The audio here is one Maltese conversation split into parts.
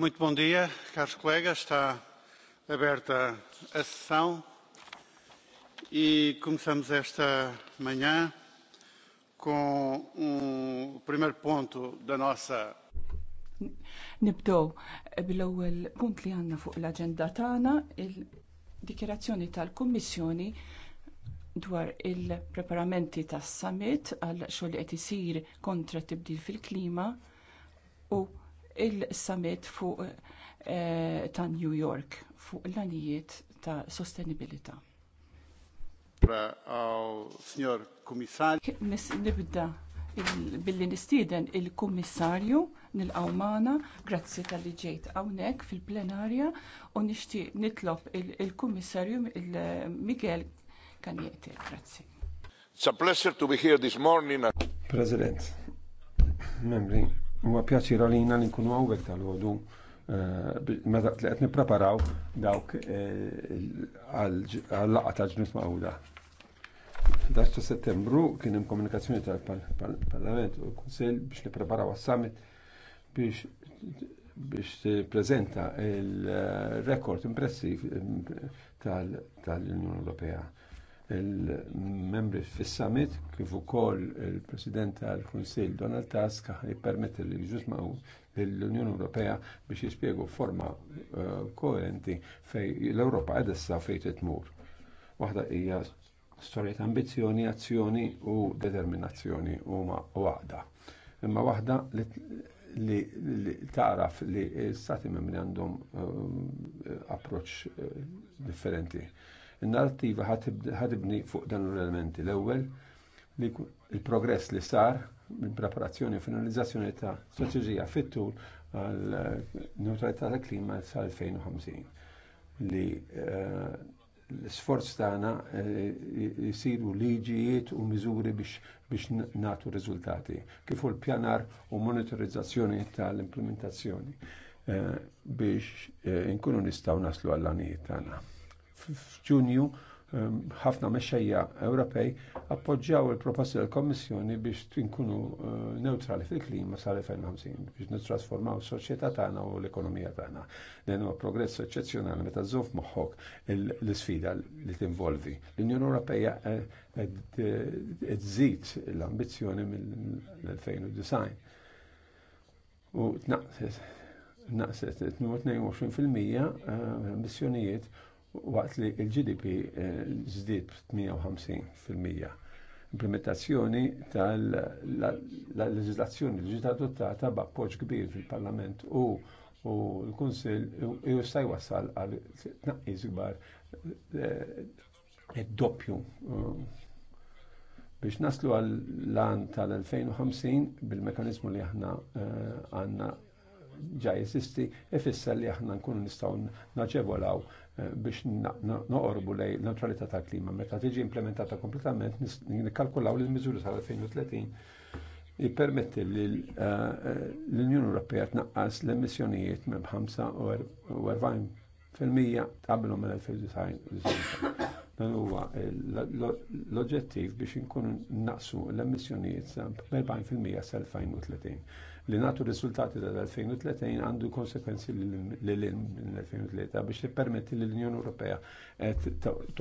Muito bom dia, caros colegas. Está aberta a sessão e começamos esta manhã com um, o primeiro ponto da nossa. Nibdow bil-ewwel punt li għandna fuq l-aġenda tagħna il-dikjerazzjoni tal-Kummissjoni dwar il-preparamenti tas-summit għal xogħol qed isir kontra tibdil fil-klima u il-summit fuq eh, ta' New York fuq l-anijiet ta' sostenibilità. Signor Nibda billi nistiden il-Kummissarju nil-Awmana, grazzi tal-li ġejt hawnhekk fil-plenarja u nixtieq nitlob il-Kummissarju Miguel Kanjete. Grazzi. It's a pleasure to be here this morning. President, membri, Huwa pjaċir għalina li nkunu għawek tal ħodu eh, meta t-leqet nipreparaw dawk eh, għal laqqa ta' ġnus maħuda. mawda. 11 settembru kien hemm komunikazzjoni tal-Parlament u l-Kunsell biex nippreparaw għas-summit biex biex tippreżenta il-rekord eh, impressiv tal-Unjoni Ewropea il-membri fis-summit kif ukoll il-President tal-Kunsill Donald Tusk jippermetti li ġusmaw l-Unjoni Ewropea biex jispjegu forma eh, koerenti fej l-Ewropa qed issa fejn titmur. Waħda hija storja ta' ambizzjoni, azzjoni u determinazzjoni huma waħda. Imma waħda li, taraf li stati membri għandhom eh, approċċ eh, differenti Il-narrativa ħadibni fuq dan l-elementi. L-ewwel il-progress li sar minn preparazzjoni u finalizzazzjoni ta' strategija fit-tul għal eh, neutralità ta' klima sal 2050 li eh, l-sforz tagħna eh, jisiru liġijiet u miżuri biex natu riżultati, kif l pjanar u monitorizzazzjoni tal-implementazzjoni biex inkunu nistgħu naslu għall-għanijiet tagħna f'Ġunju ħafna mexxejja Ewropej appoġġjaw il-proposti tal kommissjoni biex tinkunu neutrali fil-klima sal-2050 biex nittrasformaw s-soċjetà tagħna u l-ekonomija tagħna. Dan huwa progress eċċezzjonali meta żżuf moħħok l-isfida li tinvolvi. L-Unjoni Ewropea tżid l-ambizzjoni mill-2009. U naqset 22% ambizzjonijiet waqt li il-GDP eh, żdied 58%. Implementazzjoni tal-leġislazzjoni li ġiet adottata b'appoġġ kbir fil-Parlament u u l u jista' jwassal għal tnaqqis kbar id-doppju eh, eh, biex naslu għal lan tal-2050 bil-mekanizmu li aħna għanna ġaj jesisti ifisser li aħna nkunu nistgħu naġevolaw biex noqorbu lej neutralità ta' klima. Meta tiġi implementata kompletament, nikkalkulaw li l-miżuri tal 2030 jipermetti li eh, eh, l-Unjoni Ewropea tnaqqas l-emissjonijiet minn 45% qabel mill-2090. Dan huwa eh, l-oġġettiv biex inkunu naqsu l-emissjonijiet b'40% sal-2030. Li nagħtu riżultati tal-2030 għandu konsekwenzi lil l-2003 biex tippermetti li l-Unjoni Ewropea eh,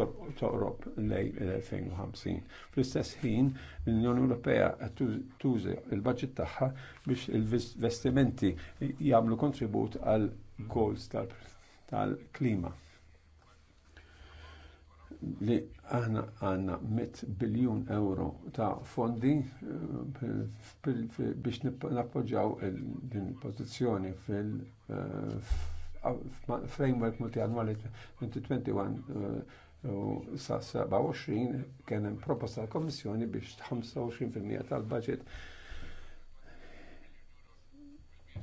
toqrob lej l-2050. Fl-istess ħin l-Unjoni Ewropea qed tuża l-baġġit tagħha biex il-vestimenti jagħmlu kontribut għal goals tal-klima li aħna għanna 100 biljun euro ta' fondi eh, biex nappoġġaw din il-pozizjoni fil eh, framework multiannuali 2021 eh, sa' 27 kien hemm proposta l kommissjoni biex 25% tal-budget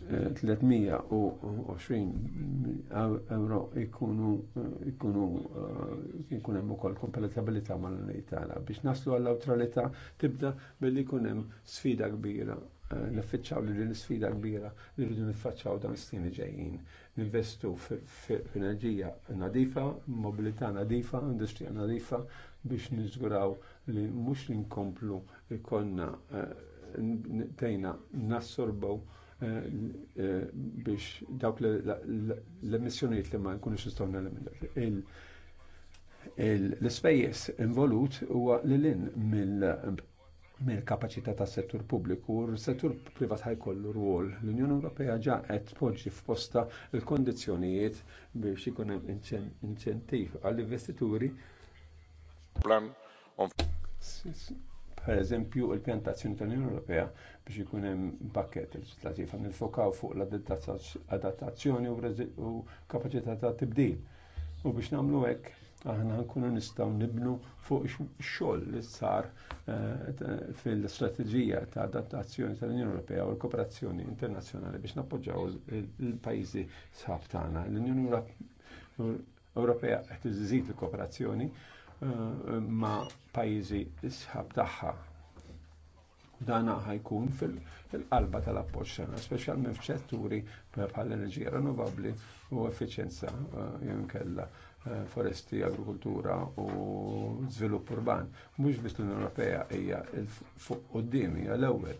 320 euro ikunu ikunu eh, ikun hemm ukoll kompatibilità mal-Italja biex naslu għall awtralità tibda billi jkun hemm sfida kbira eh, niffiċċaw li din sfida kbira li rridu niffaċċaw dan is-snin ġejjin. Ninvestu f'enerġija nadifa, mobilità nadifa, industrija nadifa biex niżguraw li mhux inkomplu ikonna eh, tejna nassorbaw Eh, eh, biex dawk l-emissjonijiet li ma nkunux nistgħu L-ispejjeż involut huwa lilin mill-kapaċità tas settur pubbliku u s-settur privat ħajkollu rwol. L-Unjoni Ewropea ġa qed tpoġġi f'posta l-kondizzjonijiet biex ikun hemm inċentiv għall-investituri. Plan Per eżempju, il-pjantazzjoni tal-Unjoni Ewropea biex ikun hemm pakket leġislattiv għan nifokaw fuq l-adattazzjoni u kapaċità ta' tibdil. U biex nagħmlu hekk aħna nkunu nistgħu nibnu fuq ix-xogħol li sar eh, fil-strateġija ta' adattazzjoni tal-Unjoni Ewropea u l-kooperazzjoni internazzjonali biex nappoġġaw il-pajjiżi sħab tagħna. L-Unjoni Ewropea qed iżżid il-kooperazzjoni eh, ma' pajjiżi sħab tagħha dana ħajkun fil-qalba tal-appoġġ tagħna, minn f'ċetturi bħal enerġija rinnovabbli u effiċjenza eh, jinkella eh, foresti, agrikultura u żvilupp urban. Mhux biss l-Unjoni Ewropea hija fuq quddiem hija l-ewwel.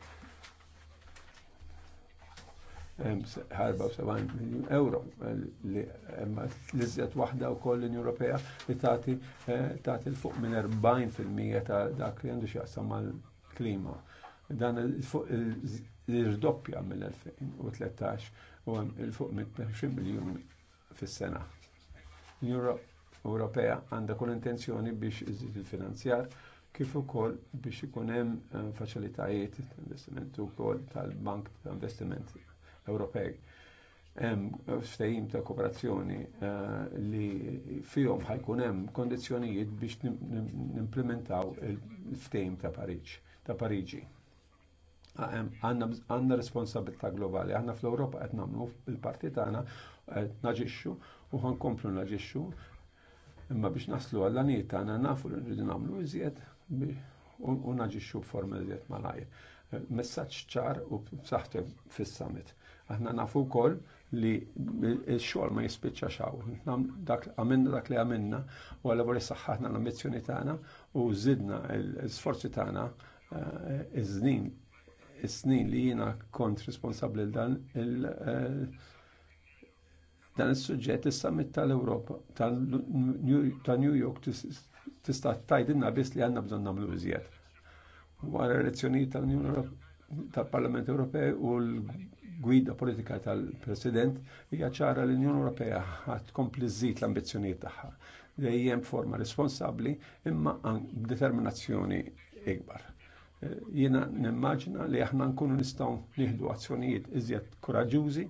Ħarba miljun euro eh, li l-iżjed waħda wkoll l-Unjoni Ewropea li tagħti tagħti l-fuq minn 40% ta' dak li għandu x'jaqsam mal-klima dan il fuq l-irdoppja mill-2013 u hemm il-fuq minn 20 miljun fis-sena. Ewropea għandha kull intenzjoni biex iżid il-finanzjar kif ukoll biex ikun hemm eh, faċilitajiet investiment ukoll tal-Bank ta' Investiment Ewropej. Hemm ftehim ta' kooperazzjoni eh, li fihom ħajkun hemm kondizzjonijiet biex nimplementaw il-ftehim ta' Pariġi għandna responsabilità globali. Aħna fl-Ewropa qed nagħmlu il-parti tagħna qed naġixxu u ħankomplu naġixxu. Imma biex naslu għall għaniet tagħna nafu li nridu nagħmlu iżjed u naġixxu b'forma iżjed malajr. Messaġġ ċar u saħtu fis-summit. Aħna nafu wkoll li il-xogħol ma jispiċċa xaw. Għamilna dak li għamilna u għalla lavori saħħatna l-ambizzjoni tagħna u żidna l-sforzi tagħna eh, iż znin snin li jiena kont responsabbli dan il- eh, dan is-suġġett is-summit tal-Ewropa ta' New York tista' tajdinna biss li għandna bżonn nagħmlu iżjed. Wara elezzjonijiet tal-Unjoni tal-Parlament Ewropej u l-gwida politika tal-President hija ċara li l-Unjoni Ewropea ħadd kompli żid l-ambizzjonijiet tagħha dejjem forma responsabbli imma determinazzjoni ikbar. Jiena nimmaġina li aħna nkunu nistgħu nieħdu azzjonijiet iżjed koraġużi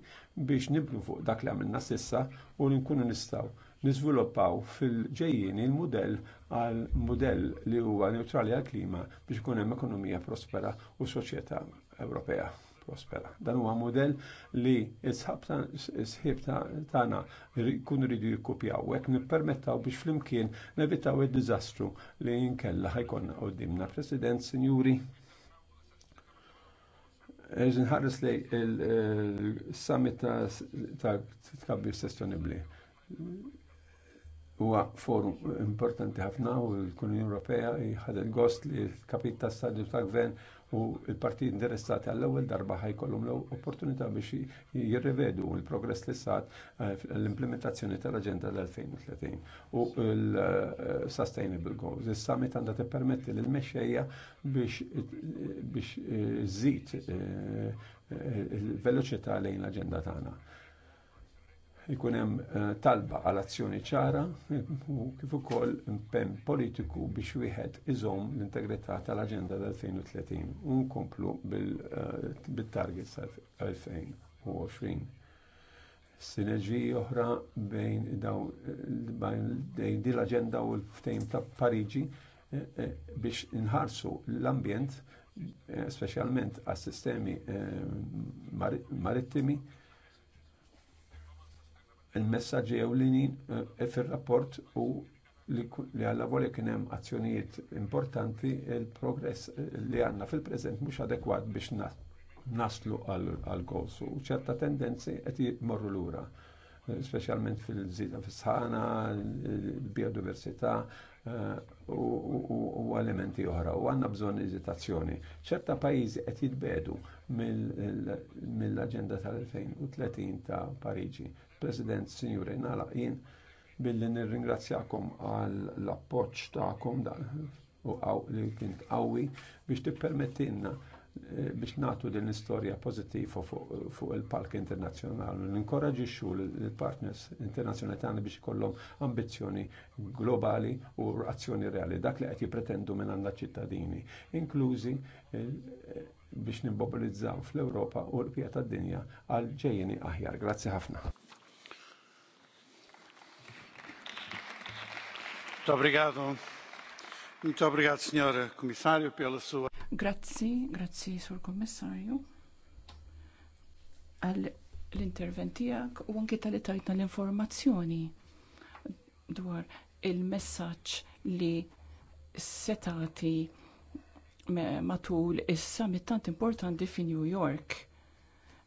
biex nibru fuq dak li għamilna sissa u li nkunu nistgħu niżviluppaw fil-ġejjin il-mudell għal mudell li huwa neutrali għall klima biex ikun hemm ekonomija prospera u soċjetà Ewropea prospera. Dan huwa model li s-sħib tagħna jkun iridu jikkupjaw hekk nippermettaw biex flimkien nevitaw id-diżastru li nkella ħajkonna qudiemna. President, Sinjuri, nħarres li il-summit ta' t tkabbir sostenibli huwa forum importanti ħafna u l kunjoni Ewropea ħadet gost li l-kapit ta' stadju ta' gvern u il-parti interessati għall-ewwel darba ħajkollhom l-opportunità biex jirrivedu l-progress li sat eh, l-implementazzjoni tal-Aġenda tal-2030 u l-Sustainable Goals. Is-summit għandha tippermetti lil mexxejja biex żid eh, eh, il-veloċità lejn l-aġenda tagħna ikun hemm eh, talba għal azzjoni ċara u kif ukoll impenn politiku biex wieħed iżomm l-integrità tal-Aġenda tal-2030 u nkomplu bil-targets eh, tal-2020 sinerġiji oħra bejn din l aġenda u l ftejn ta' Pariġi eh, biex inħarsu l-ambjent, specialment għas sistemi marittimi, Il-messaġġi ewlenin eh, e fir-rapport u li għalla volja kien hemm azzjonijiet importanti il-progress eh, li għandna fil-preżent mhux adekwat biex naslu għal goals u ċerta tendenzi qed jmorru lura eh, specialment fil-żida fis-sħana, biodiversità u elementi oħra. U għanna bżonn eżitazzjoni. ċerta pajjiżi qed jitbedu mill-Aġenda tal-2030 ta' Pariġi President, Signore nala jien billi nirringrazzjakom għal l-appoġġ tagħkom u li kien qawwi biex tippermettilna eh, biex natu din l-istorja pozittiva fuq il-palk internazzjonali. xu l-partners internazzjonali tagħna biex kollom ambizzjoni globali u azzjoni reali, dak li qed jippretendu minn għanda ċittadini, inklużi eh, biex nimbobilizzaw fl-Ewropa u l-pjata d-dinja għal ġejjeni aħjar. Grazzi ħafna. Obrigado. Muito obrigado, Sr. Commissário, pela sua. Grazzi, grazzi, Sur Kommissarju, għal l-interventijak u anki tal tajtna l-informazzjoni dwar il-messaġġ li setati matul is-summit tant importanti fi New York.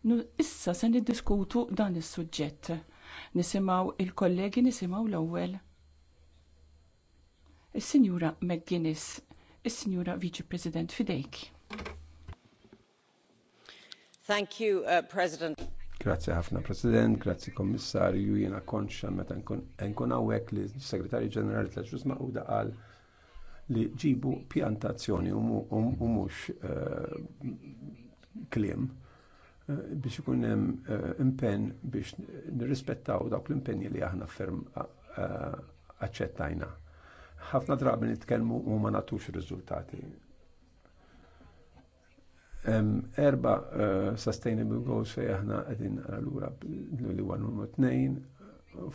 Nu, issa se niddiskutu dan is-suġġett. Nisimgħu il-kollegi nisimgħu l-ewwel Is-Sinjura McGuinness, is-Sinjura Vice President fidejk. Thank you, uh, President. Grazie ħafna President, grazie Kommissarju, jena konxa meta nkun hawnhekk li s-Segretarju Ġenerali tal-Ġus Maquda qal li ġibu pjantazzjoni u mhux uh, kliem uh, biex ikun hemm uh, impenn biex nirrispettaw dawk l-impenni li aħna ferm aċċettajna ħafna drabi nitkellmu u ma nagħtux riżultati. Erba eh, sustainable goals fej aħna qegħdin allura li huwa numru tnejn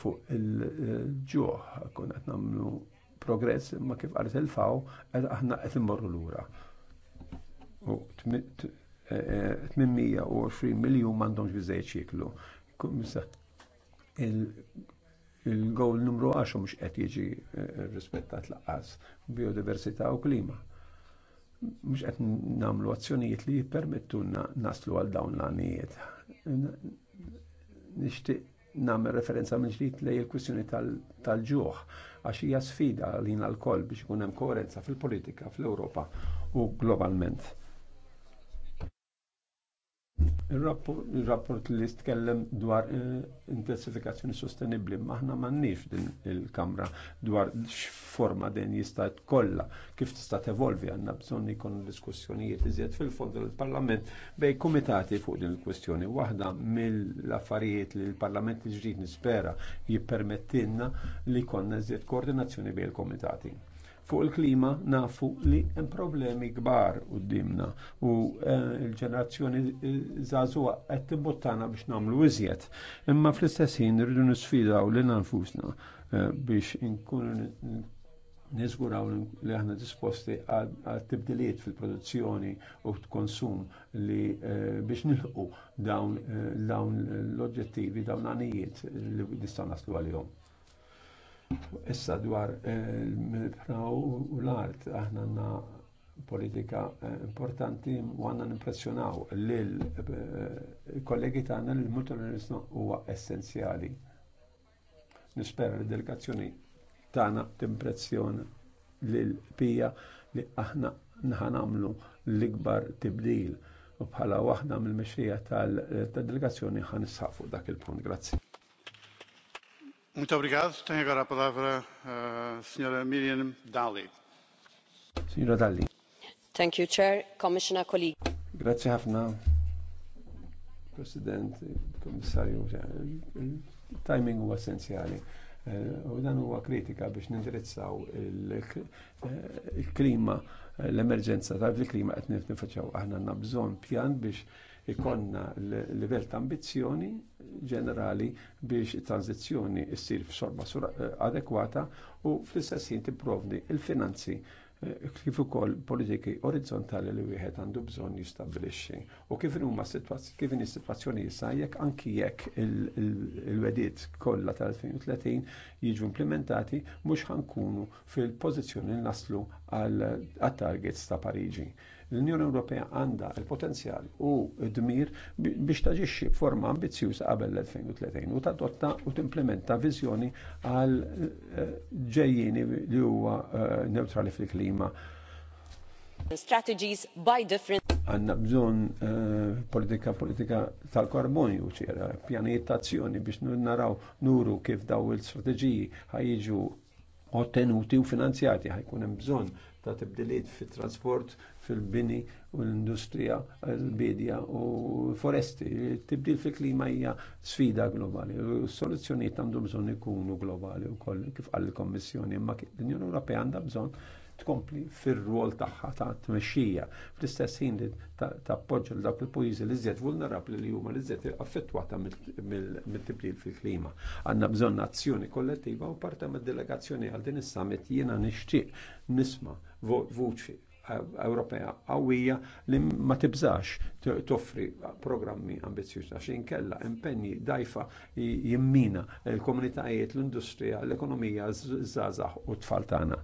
fuq il-ġuħ kun qed nagħmlu progress imma kif qalet il-faw qed aħna qed immorru lura. U 820 eh, eh, miljun m'għandhomx biżejjed xieklu il-gowl numru 10 mhux qed jiġi eh, rispettat laqqas biodiversità u klima. Mhux qed nagħmlu azzjonijiet li jippermettulna naslu għal dawn l-għanijiet. Nixtieq nagħmel referenza minn ġdid lejn il-kwistjoni tal-ġuħ għax hija sfida lina l-koll biex ikun hemm koerenza fil-politika fl-Ewropa u globalment Il-rapport li stkellem dwar eh, intensifikazzjoni sostenibli, maħna mannix din il-kamra dwar x-forma din jista' kolla, kif tista' tevolvi għanna bżonn ikun diskussjonijiet iżjed fil-fond il-Parlament bej komitati fuq din il-kwestjoni. Waħda mill-affarijiet li l-Parlament ġdid nispera jippermettilna li konna iżjed koordinazzjoni bejn il-komitati fuq il-klima nafu li hemm problemi kbar qudiemna u eh, l-ġenerazzjoni żagħżugħa qed tibbottana biex nagħmlu iżjed. Imma fl-istess ħin irridu nisfidaw lil anfusna eh, biex inkunu nizguraw li aħna disposti għal tibdiliet fil-produzzjoni u konsum li eh, biex nilħu dawn l-oġġettivi, dawn għanijiet li nistaw naslu għal-jom. Issa dwar eh, il-fraw u l-art aħna għanna politika eh, importanti u għanna nimpressjonaw l-kollegi eh, tagħna li l-multilateralizmu huwa essenzjali. Nispera li delegazzjoni tagħna t'impressjon l-pija li aħna nħanamlu l-ikbar tibdil u bħala waħda mill-mexxija tal-delegazzjoni ħanisħafu dak il-punt. Grazzi. Muito obrigado. Tem agora a palavra a eh, senhora Miriam Dalli. Signora Dalli. Thank you, Chair, Commissioner, colleague. Grazie ħafna, President, il Timing huwa essenzjali. Eh, u dan huwa kritika biex nindirizzaw eh, il-klima, l-emerġenza tal-klima qed nifaċċaw aħna għandna bżonn pjan biex ikonna l-livell ta' ambizzjoni ġenerali biex it-tranzizzjoni ssir f'sorba eh, adekwata u fl-istess jien tipprovdi il-finanzi eh, kif ukoll politiki orizzontali li wieħed għandu bżonn jistabbilixxi. U kif huma kif in is-sitwazzjoni issa jekk anki jekk il-wedid kollha tal-2030 jiġu implementati mhux ħankunu fil-pożizzjoni naslu għal targets ta' Pariġi. L-Unjoni Ewropea għandha l-potenzjal u d-dmir biex taġixxi b'forma ambizzjuża qabel l-2030 u tadotta u timplementa viżjoni għal eh, ġejjini li huwa eh, neutrali fil-klima. Strategies by different għanna bżon eh, politika politika tal-karbonju ċera, pjanijiet azzjoni biex naraw nuru kif daw il-strategiji ħajġu ottenuti u finanzjati ħajkun hemm bżonn ta' tibdiliet fit trasport fil-bini u l-industrija, l-bidja u foresti. Tibdil fil-klima hija sfida globali. U s-soluzzjonijiet għandhom bżonn ikunu globali wkoll kif qal il-Kommissjoni, imma l-Unjoni Ewropea għandha bżonn tkompli fir-rol tagħha ta' tmexxija fl-istess ħin li tappoġġa l dawk il-pajjiżi li żjed vulnerabbli li huma li żjed affettwata mit-tibdil fil-klima. Għandna bżonn azzjoni kollettiva u parta mid-delegazzjoni għal din is-summit jiena nixtieq nisma' vuċi Ewropea qawwija li ma tibżax toffri programmi ambizjuż għax inkella impenji dajfa jimmina l-komunitajiet, l-industrija, l-ekonomija, z-zazax u tfal tagħna.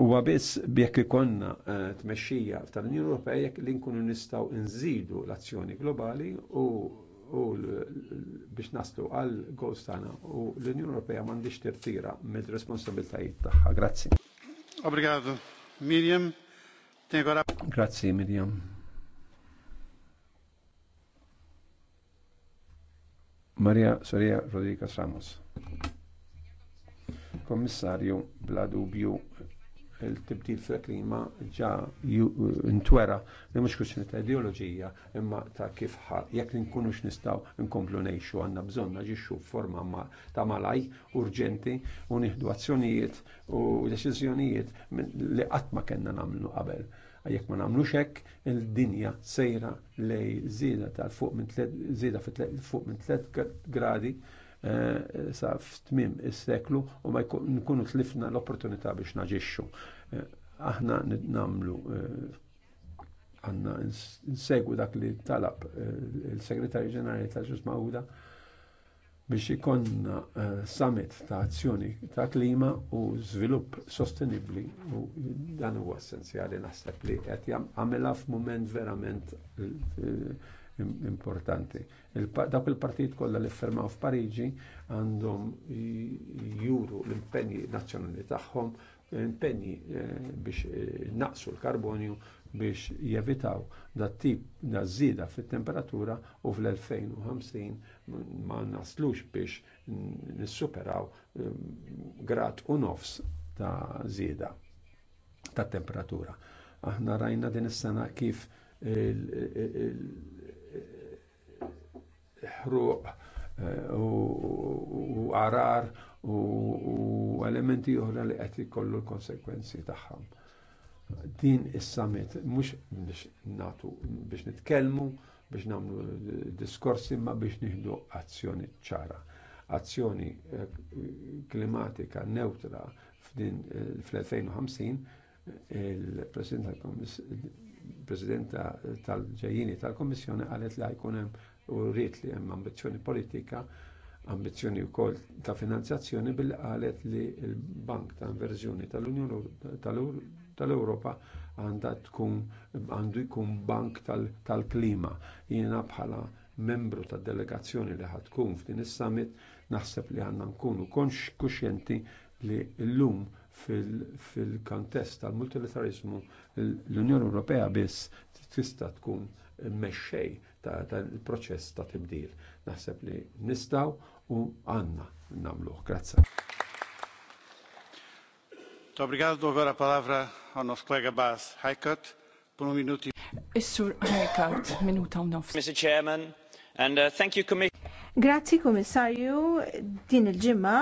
Huwa biss jekk ikonna e, tmexxija tal-Unjoni Ewropea jekk li nkunu nistgħu nżidu l-azzjoni globali u u biex naslu għal gostana tagħna u l-Unjoni Ewropea m'għandix tirtira mid-responsabiltajiet tagħha. Grazzi. Obrigado, Miriam. Grazie, Miriam. Maria Soria Rodriguez Ramos. Commissario bla il-tibdil fil-klima ġa ntwera li mhux kwistjoni ta' ideoloġija imma ta' kif jekk nkunux nistgħu nkomplu ngħixu għandna bżonn naġixxu forma ta' malaj urġenti u nieħdu azzjonijiet u deċiżjonijiet li qatt ma kellna nagħmlu qabel. Jekk ma nagħmlux hekk il-dinja sejra li zida tal fuq fuq minn 3 gradi Eh, sa f'tmim is-seklu u ma nkunu tlifna l-opportunità biex naġixxu. Eh, aħna namlu eh, għanna nsegwu dak li talab il-Segretarju Ġenerali tal-Ġus Mawda biex ikonna summit ta' azzjoni ta' klima u żvilupp sostenibbli u dan huwa essenzjali naħseb li qed jagħmilha f'mument verament importanti. Dawk il-partit kollha li fermaw f'Pariġi għandhom juru l-impenji nazzjonali tagħhom, impenji eh, biex eh, naqsu l-karbonju biex jevitaw da tip da zida fit-temperatura u fl-2050 ma naslux biex nissuperaw eh, grad u nofs ta' zida ta' temperatura. Aħna rajna din is-sena kif ħruq eh, u arar u elementi oħra li qed ikollu l-konsekwenzi tagħhom. Din is-summit mhux biex natu biex nitkellmu, biex nagħmlu diskorsi ma biex nieħdu azzjoni ċara. Azzjoni eh, klimatika neutra f'din eh, fl-2050 il-President tal ġajjini tal komissjoni qalet li jkun hemm u rrit li hemm ambizzjoni politika, ambizzjoni wkoll ta' finanzjazzjoni bil qalet li l-Bank ta' Inverżjoni tal-Unjoni tal-Ewropa għandha tkun għandu jkun bank tal-klima. Jiena bħala membru tad delegazzjoni li tkun f'din is-summit naħseb li għandna nkunu konx kuxjenti li llum fil-kontest tal-multilateralizmu l-Unjoni Ewropea biss tista' tkun mexxej il proċess ta' tibdil. Naħseb li nistaw u għanna nagħmluh. Grazie. Obrigado, vera palavra ao nosso colega Bas Haikert, por um minuto. E Is-sur Haikert, minuta u nofs. Mr. Chairman, and uh, thank you, Commissioner. Grazzi, Komissarju, din il-ġimma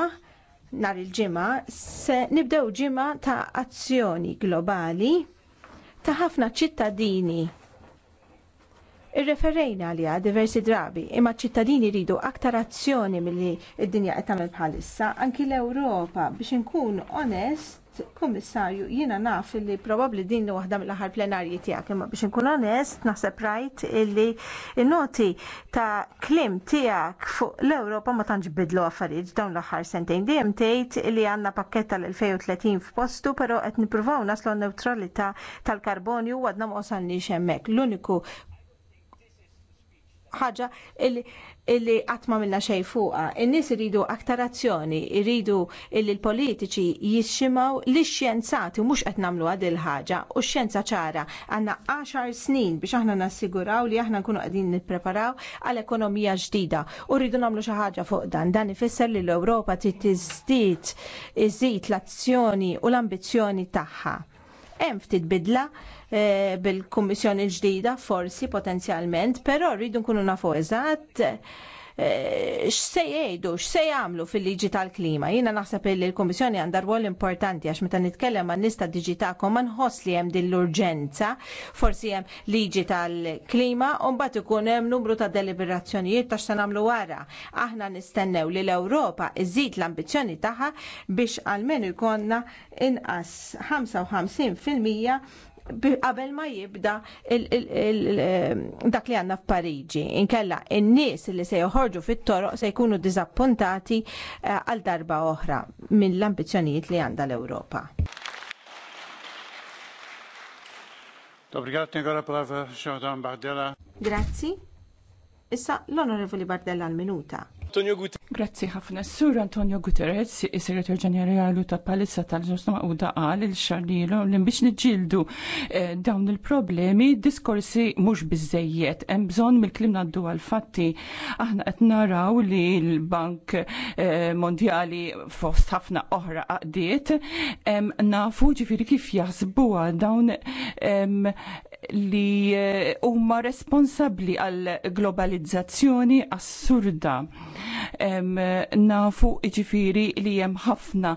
nar il-ġimma se nibdew ġimma ta' azzjoni globali ta' ħafna ċittadini. Ir-referejna għalija diversi drabi, imma ċittadini ridu aktar azzjoni milli id-dinja qed tagħmel bħalissa, anki l-Ewropa biex inkun onest kummissarju, jiena naf li probabbli din waħda mill-aħħar plenarji tiegħek, imma biex inkun onest, naħseb rajt illi noti ta' klim tiegħek fuq l-Ewropa ma tantx bidlu affarijiet dawn l-aħħar sentejn. Dijem tgħid li għandna pakketta l 2030 f'postu, però qed nippruvaw naslu neutralita tal-karbonju għadna ma wasalniex hemmhekk. L-uniku ħaġa illi illi għatma minna xej fuqa. In-nies iridu aktar azzjoni, rridu illi l-politiċi jixximaw li xjenzati mhux qed nagħmlu għad il-ħaġa u x-xjenza ċara għandna 10 snin biex aħna nassiguraw li aħna nkunu għadin nippreparaw għal ekonomija ġdida u rridu nagħmlu xi ħaġa fuq dan. Dan ifisser li l-Ewropa trid tiżdied iżid l-azzjoni u l-ambizzjoni tagħha. Hemm ftit bidla E, bil-Kummissjoni ġdida forsi potenzjalment, però rridu nkunu nafu eżatt e, x'se jgħidu, x'se jagħmlu fil-liġi tal-klima. Jiena naħseb li l-Kummissjoni għandha rwol importanti għax meta nitkellem għan nista' diġitakom ma nħoss li hemm din l-urġenza, forsi hemm liġi tal-klima u mbagħad ikun hemm numru ta' deliberazzjonijiet ta' x'se nagħmlu wara. Aħna nistennew li l-Ewropa iżid l-ambizzjoni tagħha biex għalmenu jkollna inqas 55% qabel ma jibda dak li għandna f'Pariġi. Inkella n nies li se joħorġu fit-toroq se jkunu diżappuntati eh, għal darba oħra mill-ambizzjonijiet li għandha l-Ewropa. Grazzi. Issa l-Onorevoli Bardella għal-minuta. Antonio Guterres. Grazzi ħafna. Sur Antonio Guterres, is-Segretar Ġenerali ta' Palissa tal-Ġusna Maquda qal il-xarrilu li biex niġġieldu eh, dawn il-problemi diskorsi mhux bizzejiet. Hemm bżonn mill-klim ngħaddu għal-fatti. Aħna qed naraw li l-Bank eh, Mondjali fost ħafna oħra qaqdiet nafu ġifiri kif jaħsbuha dawn li eh, huma responsabbli għal globalizzazzjoni assurda. Nafu ġifiri li hemm ħafna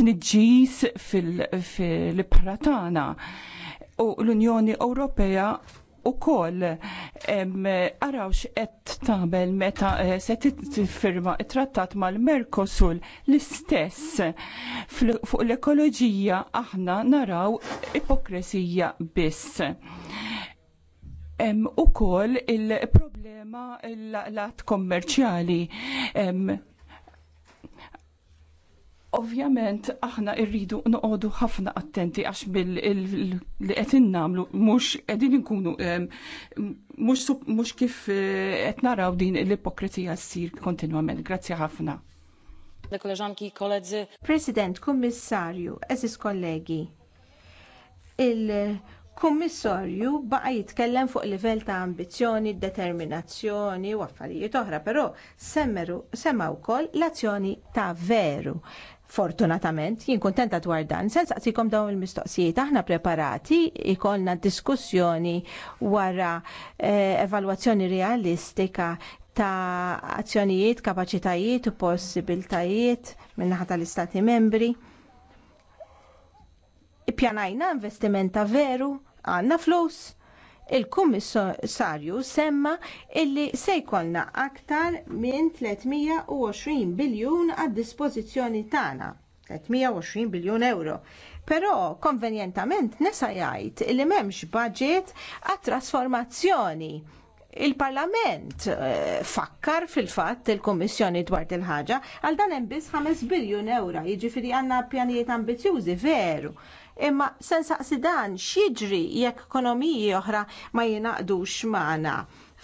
tniġġis fil-pratana. Fil u l-Unjoni Ewropea u koll arawx qed tabel meta eh, se tifirma trattat mal-Merkosul l-istess fuq l-ekoloġija aħna naraw ipokresija biss. u koll il-problema l-lat kommerċjali Ovvjament aħna irridu noqogħdu ħafna attenti għax bil li qed innamlu mhux qegħdin inkunu mhux kif eh, qed naraw din l-ipokritija ssir kontinwament. Grazzi ħafna. President, Kummissarju, eżis kollegi. Il-Kummissarju baqa jitkellem fuq livell ta' ambizzjoni, determinazzjoni u affarijiet oħra, però semmeru semma wkoll l-azzjoni ta' veru Fortunatament, jien kontenta dwar dan, sens għasikom dawn il-mistoqsijiet, aħna preparati, ikolna diskussjoni wara eh, evalwazzjoni realistika ta' azzjonijiet, kapacitajiet u possibiltajiet minnaħa tal-istati membri. Ippjanajna investimenta veru, għanna flus, Il-Kummissarju semma illi se jkollna aktar minn 320 biljun għad dispożizzjoni tagħna. 320 biljun euro. Però konvenjentament nesa jgħid li m'hemmx budget għat trasformazzjoni il-Parlament eh, fakkar fil-fatt il-Kommissjoni dwar il-ħaġa għal dan hemm biss 5 biljun euro, jiġifieri għandna pjanijiet ambizzjużi veru imma se nsaqsi dan x'jiġri jekk ekonomiji oħra ma jingħaqdux magħna.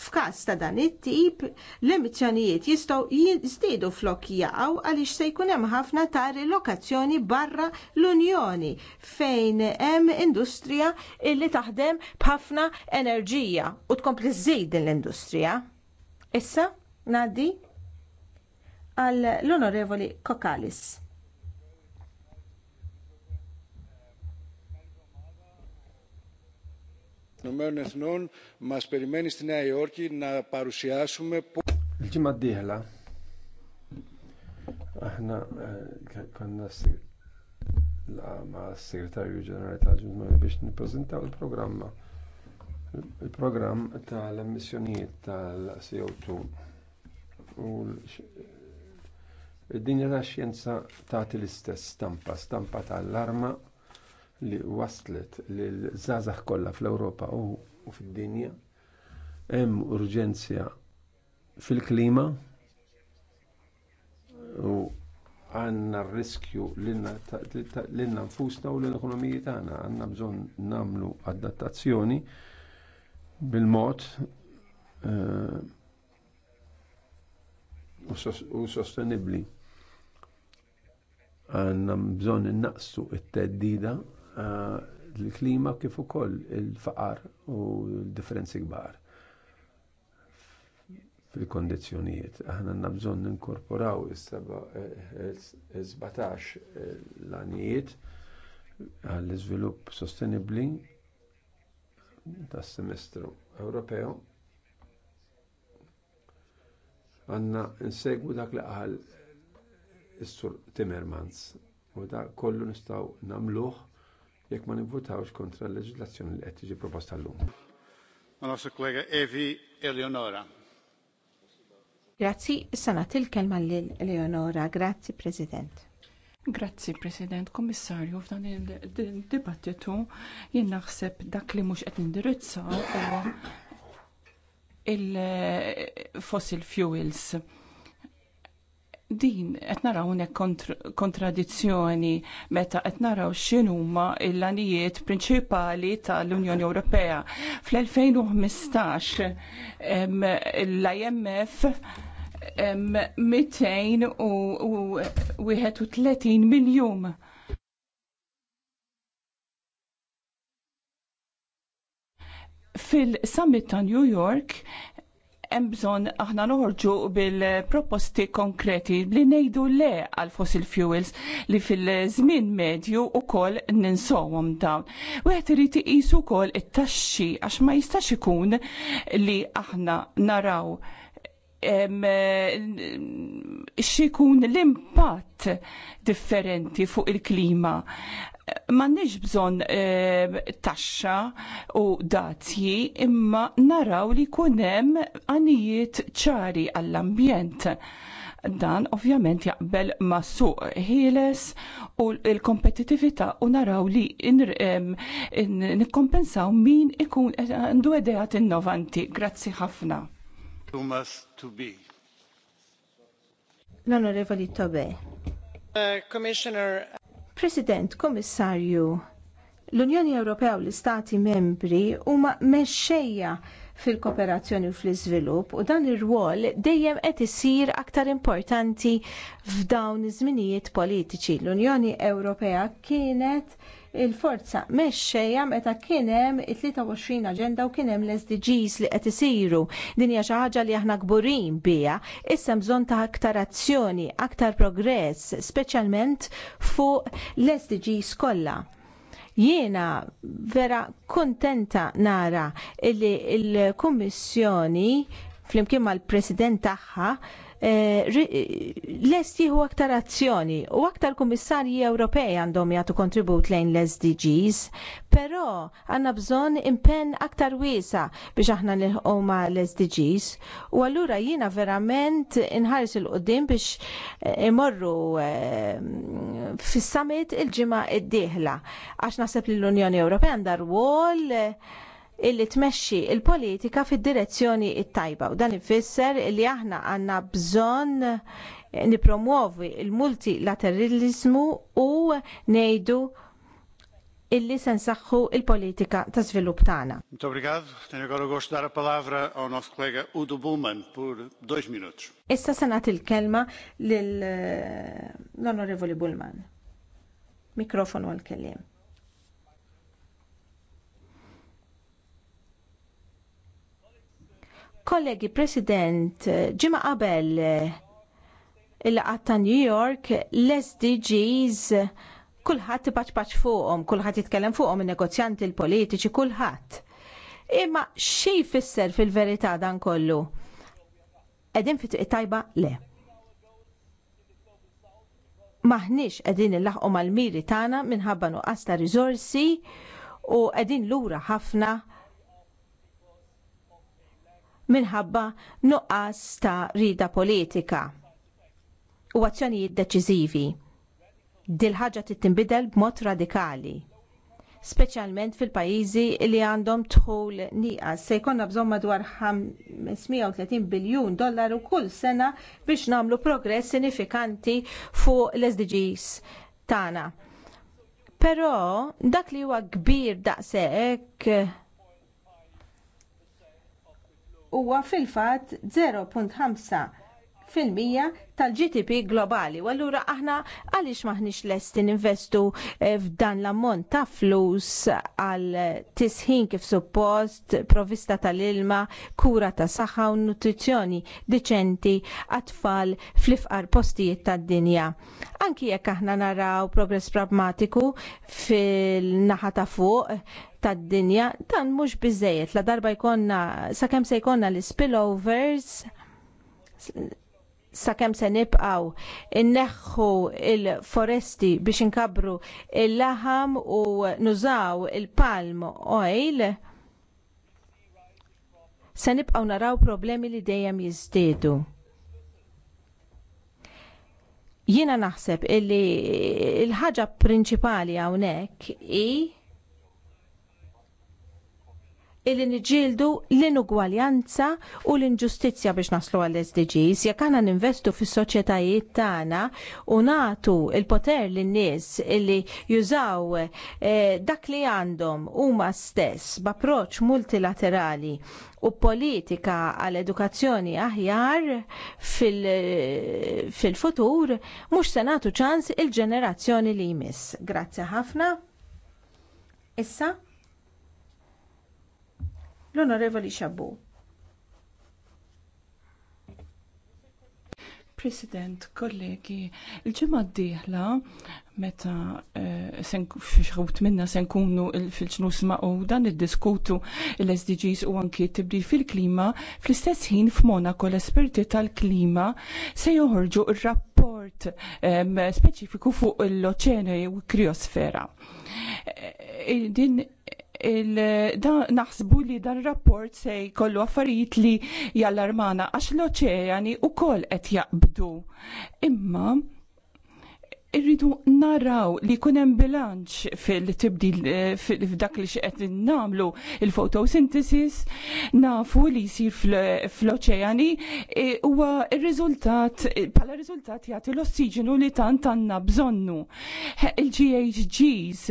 F'każ ta' dan it-tip, l-emissjonijiet jistgħu jiżdiedu flok jaqgħu għaliex se jkun hemm ħafna ta' rilokazzjoni barra l-Unjoni fejn hemm industrija illi taħdem b'ħafna enerġija u tkompli żżid din l-industrija. Issa, ngħaddi għall onorevoli Kokalis. Ηνωμένων Εθνών μας περιμένει στη Νέα Υόρκη να παρουσιάσουμε... Il-ġimma d-dihla, aħna eh, konna ma' segretarju ġenerali ta' ġunmel biex niprezentaw il-programma. Il-programm tal-emissjonijiet tal-CO2 u id-dinja ta' xjenza ta' l-istess stampa, stampa tal-arma li waslet lil żazax kollha fl-Ewropa u fid-dinja. Hemm urġenzja fil-klima u għanna riskju l-inna nfusna u l-ekonomiji tagħna għanna bżonn namlu adattazzjoni bil-mod eh, u sostenibli għanna bżon innaqsu it-teddida Eh, l-klima kif ukoll il-faqar u l-differenzi kbar fil kondizjonijiet Aħna għandna bżonn ninkorporaw is-17 eh, eh, l-għanijiet għall-iżvilupp sostenibli tas-semestru Ewropew għanna nsegwu dak li qal is-sur Timmermans u da kollu nistgħu nagħmluh jekk ma nivvutawx kontra l-leġislazzjoni li qed tiġi proposta llum. Nostra kollega Evi Eleonora. Grazzi, sanat il-kelma lil Eleonora. Grazzi, President. Grazzi, President, Kommissarju, f'dan il-dibattitu jien naħseb dak li mhux qed indirizzaw il-fossil fuels din qed naraw hekk kontradizzjoni meta qed naraw x'inhuma l-għanijiet prinċipali tal-Unjoni Ewropea. Fl-2015 l-IMF 231 miljum fil-summit ta' New York hemm bżonn aħna noħorġu bil-proposti konkreti li ngħidu le għal fossil fuels li fil-żmien medju kol ninsowhom dawn. Wieħed irid iqisu wkoll it-taxxi għax ma jistax ikun li aħna naraw xikun l-impatt differenti fuq il-klima. nix bżon taxxa u dazji imma naraw li kunem għanijiet ċari għall-ambjent dan ovvjament jaqbel ma' suq ħieles u l-kompetitività u naraw li nikkompensaw min ikun għandu edejat innovanti. Grazzi ħafna. L-Onorevoli Tobe. Uh, uh, President, Komissarju, l-Unjoni Ewropea u l-Istati membri huma mexxejja fil-kooperazzjoni u fl-iżvilupp u dan ir-rwol dejjem qed isir aktar importanti f'dawn iż-żminijiet politiċi. L-Unjoni Ewropea kienet il-forza mexxejja meta kien hemm 23 aġenda u kien hemm l-SDGs li qed isiru. Din hija xi ħaġa li aħna kburin biha. Issa bżonn ta' aktar azzjoni, aktar progress, speċjalment fuq l-SDGs kollha. Jiena vera kontenta nara li l-Kummissjoni flimkien mal-President tagħha Eh, eh, lest jieħu aktar azzjoni u aktar kummissarji Ewropej għandhom jagħtu kontribut lejn l-SDGs, però għandna bżonn impenn aktar wiesa biex aħna nilħqu ma' l-SDGs u allura jiena verament inħares il-qudiem biex eh, imorru fis-summit il-ġimgħa d-dieħla għax naħseb li l-Unjoni Ewropea għandha rwol illi tmexxi l il politika fid-direzzjoni t tajba u dan ifisser li aħna għandna bżonn nipromuovi l multilateralizmu u ngħidu illi se nsaħħu l politika ta' żvilupp tagħna. Issa se nagħti il-kelma lill eh, onorevoli Bulman. Mikrofonu għal-kelliem. Kollegi President, ġimma qabel eh, il għatta ta' New York, l-SDGs kulħadd paċ fuqhom, kulħadd jitkellem fuqhom il negozjanti l-politiċi, kulħadd. Imma xi jfisser fil-verità dan kollu? Qegħdin fit tajba le. Maħniex qegħdin il laħqom għal miri tagħna minħabba nuqqas ta' riżorsi u qegħdin lura ħafna minħabba nuqqas ta' rida politika u azzjonijiet deċiżivi. Dil-ħaġa tittinbidel b'mod radikali speċjalment fil-pajjiżi li għandhom tħul nieqas. Se jkollna bżonn madwar 530 biljun dollaru kull sena biex nagħmlu progress sinifikanti fuq l-SDGs tagħna. Però dak li huwa kbir daqshekk huwa fil-fatt 0.5 fil-mija tal-GDP globali. U allura aħna għaliex maħniex lesti investu eh, f'dan l-ammont ta' flus għal tisħin kif suppost, provista tal-ilma, kura ta' saħħa u nutrizzjoni deċenti għat-tfal fl-ifqar postijiet tad-dinja. Anki jekk aħna naraw progress pragmatiku fil-naħa ta' fuq, tad-dinja dan mhux biżejjed la darba jkollna sakemm se jkollna l-spillovers sakemm se nibqgħu inneħħu l foresti biex inkabru l laħam u nużaw il-palm oil se nibqgħu naraw problemi li dejjem jiżdiedu jiena naħseb illi l-ħaġa prinċipali hawnhekk hi illi nġildu l-inugwaljanza u l-inġustizja biex naslu għall-SDGs. Jekk għana ninvestu fis soċjetajiet tagħna u natu il-poter lin-nies illi jużaw eh, dak li għandhom huma stess b'approċċ multilaterali u politika għal edukazzjoni aħjar fil-futur mux mhux se nagħtu ċans il-ġenerazzjoni li jmiss. Grazie ħafna. Issa? l-Onorevoli Xabu. President, kollegi, il-ġimgħa d-dieħla meta eh, xħut minna se nkunu fil-ġnus id-diskutu l-SDGs u anki tibdi fil-klima fl-istess ħin f'Monaco l-esperti tal-klima se joħorġu il rapport eh, speċifiku fuq l oċeni u kriosfera. Eh, din naħsbu li dan rapport se jkollu affarijiet li jallarmana għax l-oċeani u kol qed jaqbdu. Imma irridu naraw li kunem bilanċ fil-tibdil f'dak li xqed namlu il-photosynthesis nafu li jisir fl-oċeani e, huwa r riżultat bħala riżultat jagħti l-ossiġenu li tant għandna bżonnu. Il-GHGs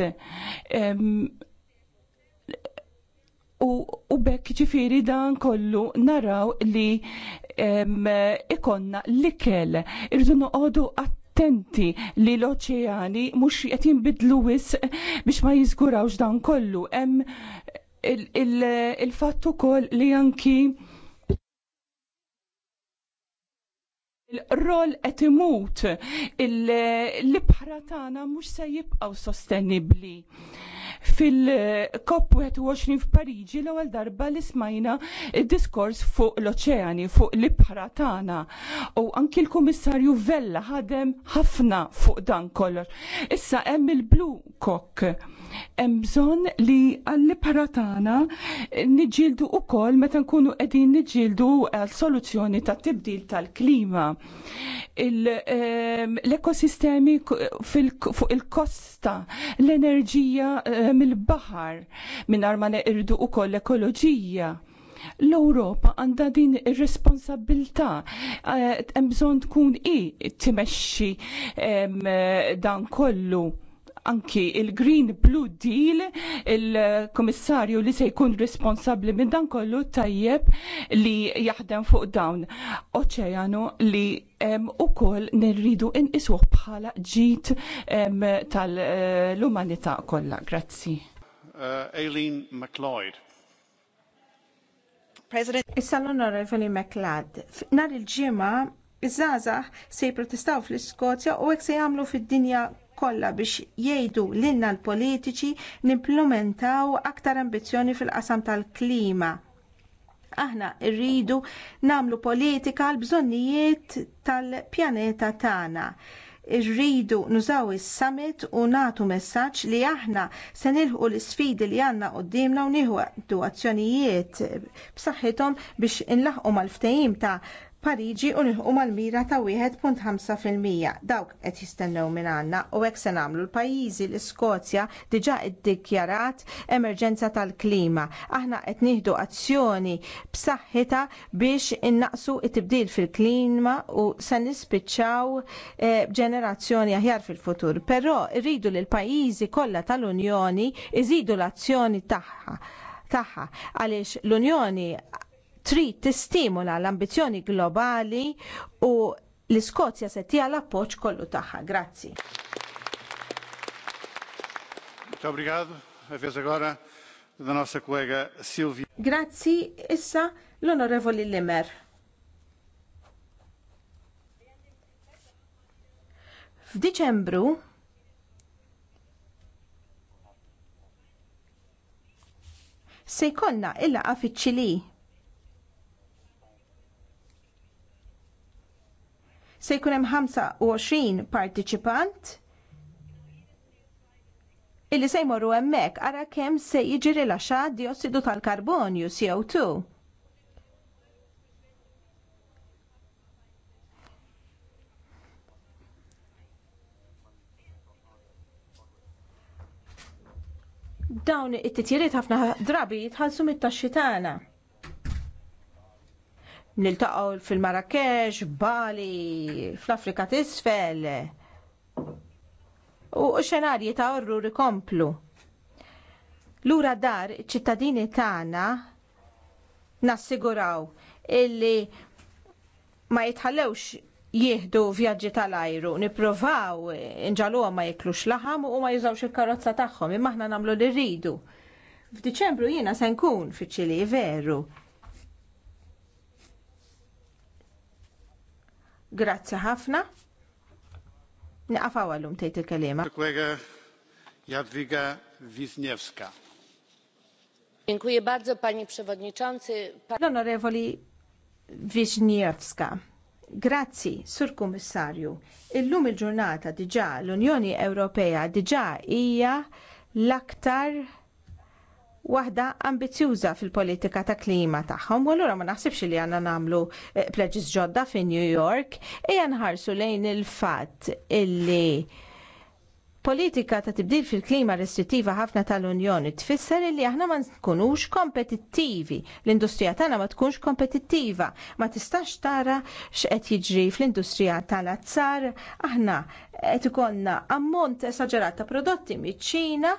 u bekk ġifiri dan kollu naraw li ikonna l-ikel irridu noqogħdu attenti li l-oċeani mhux qed jinbidlu wis biex ma jiżgurawx dan kollu. Hemm il-fatt ukoll li anki il-rol qed imut l-ibħra tagħna mhux se jibqgħu sostenibbli. Fil-COP21 f'Pariġi l-ewwel darba li smajna diskors fuq l-oċeani, fuq l-ibħra tagħna. U anki l-Kummissarju Vella ħadem ħafna fuq dan kollox. Issa hemm il-Blue Cock hemm bżonn li għall paratana nġildu niġġieldu wkoll meta nkunu qegħdin niġġieldu soluzzjoni ta' tibdil tal-klima. Ehm, l-ekosistemi fuq il-kosta, l-enerġija mill-baħar ehm, mingħajr ma neqirdu wkoll l-ekoloġija l-Europa għandha din ir-responsabilità eh, hemm bżonn tkun i timexxi ehm, dan kollu anki il-Green Blue Deal, il-komissarju li se jkun responsabli minn dan kollu tajjeb li jaħdem fuq dawn oċeanu li um, u koll nirridu inqisuh bħala ġit tal-umanità kollha. Grazzi. Uh, Aileen McLeod. President. Issa l-Onorevoli McLeod. Nar il-ġimgħa iż-żgħażagħ se jipprotestaw fl-Iskozja u hekk se jagħmlu fid-dinja kollha biex jgħidu lilna l-politiċi nimplumentaw aktar ambizzjoni fil-qasam tal-klima. Aħna rridu nagħmlu politika għall bżonnijiet tal-pjaneta tagħna. Irridu nużaw is-summit u nagħtu messaġġ li aħna se nilħu l-isfidi li għandna qudiemna u nieħdu azzjonijiet b'saħħithom biex inlaħqu mal-ftehim ta' Pariġi u nilħu mal-mira ta' 1.5% dawk qed jistennew minn għandna u hekk se nagħmlu l-pajjiżi l-Iskozja diġà iddikjarat emerġenza tal-klima. Aħna qed nieħdu azzjoni b'saħħitha biex innaqsu t tibdil fil-klima u se nispiċċaw eh, b'ġenerazzjoni aħjar fil-futur. Però rridu li l-pajjiżi kollha tal-Unjoni iżidu l-azzjoni tagħha tagħha għaliex l-Unjoni trid tistimula l-ambizzjoni globali u l-Iskozja se tija l-appoġġ kollu tagħha. Grazzi. Grazzi, issa l-Onorevoli Limer. F'Diċembru se jkollna illa fiċ-Ċili se jkun hemm 25 partiċipant illi se jmorru hemmhekk ara kemm se jiġi rilaxxat diossidu tal-karbonju CO2. Dawn it-titjiriet ħafna drabi jitħallsu mit-taxxi tagħna niltaqgħu fil-Marrakesh, Bali, fl-Afrika t'isfel. U xenarji ta' orru rikomplu. Lura dar ċittadini tagħna nassiguraw illi ma jitħallewx jieħdu vjaġġi tal-ajru, niprovaw inġalu ma jiklux laħam u ma jużawx il-karozza tagħhom, imma aħna nagħmlu li rridu. F'Diċembru jiena se nkun fiċili veru, Grazzi ħafna. Niqafaw għallum tejt il-kalima. Kwega Jadwiga Wisniewska. Dziękuję bardzo, panie przewodniczący. L-onorevoli Wisniewska. Grazzi, Sur Kummissarju. Illum il-ġurnata diġa l-Unjoni Ewropea diġa hija l-aktar waħda ambizjuża fil-politika ta' klima tagħhom, u allura ma naħsibx li għandna nagħmlu eh, pledges ġodda fi New York, ejja nħarsu lejn il-fatt illi politika ta' tibdil fil-klima restrittiva ħafna tal-Unjoni tfisser li aħna ma nkunux kompetittivi. L-industrija tagħna ma tkunx kompetittiva. Ma tistax tara x'qed jiġri fl-industrija tal-azzar aħna qed ikollna ammont esaġerat ta' prodotti miċ-Ċina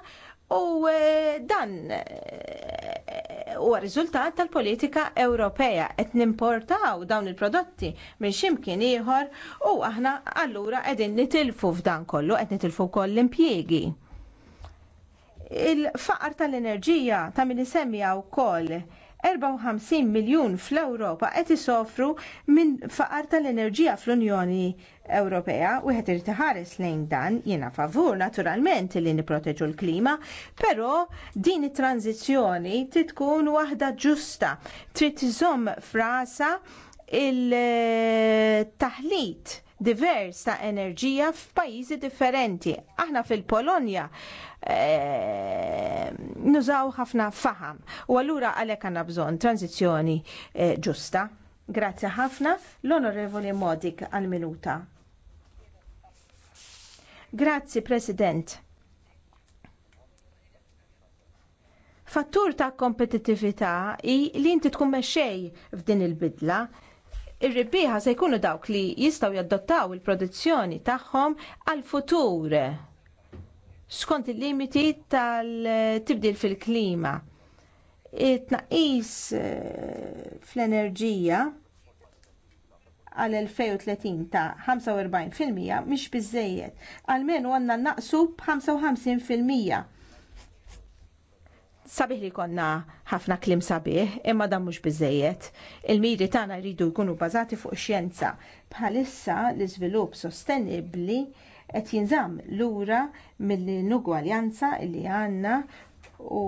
u eh, dan eh, huwa riżultat tal-politika Ewropea qed nimportaw dawn il-prodotti minn ximkien ieħor u aħna allura qegħdin nitilfu f'dan kollu qed nitilfu wkoll l-impjiegi. Il-faqar tal-enerġija ta' min isemmija wkoll 54 miljun fl-Ewropa qed isofru minn faqar tal-enerġija fl-Unjoni Ewropea u qed irid iħares lejn dan jiena favur naturalment li nipproteġu l-klima, però din it-tranzizzjoni trid tkun waħda ġusta, trid iżomm frasa il-taħlit divers ta' enerġija f'pajjiżi differenti. Aħna fil-Polonja eh, nużaw ħafna faham u allura għalhekk għandna bżonn tranzizzjoni eh, ġusta. Grazzi ħafna l-Onorevoli Modik għal-minuta. Grazzi President. Fattur ta' kompetitività hi li inti tkun mexxej f'din il-bidla ir-ribbieħa se jkunu dawk li jistgħu jaddottaw il-produzzjoni tagħhom għal futur skont il-limiti tal-tibdil fil-klima. It-tnaqqis eh, fl-enerġija għal 2030 ta' 45% mhix biżżejjed, għalmenu għandna naqsu b'55% sabiħ li konna ħafna klim sabiħ, imma dan mhux biżejjed. Il-miri tagħna jridu jkunu bażati fuq xjenza. Bħalissa l-iżvilupp sostenibbli qed jinżamm lura mill-inugwaljanza li għandna u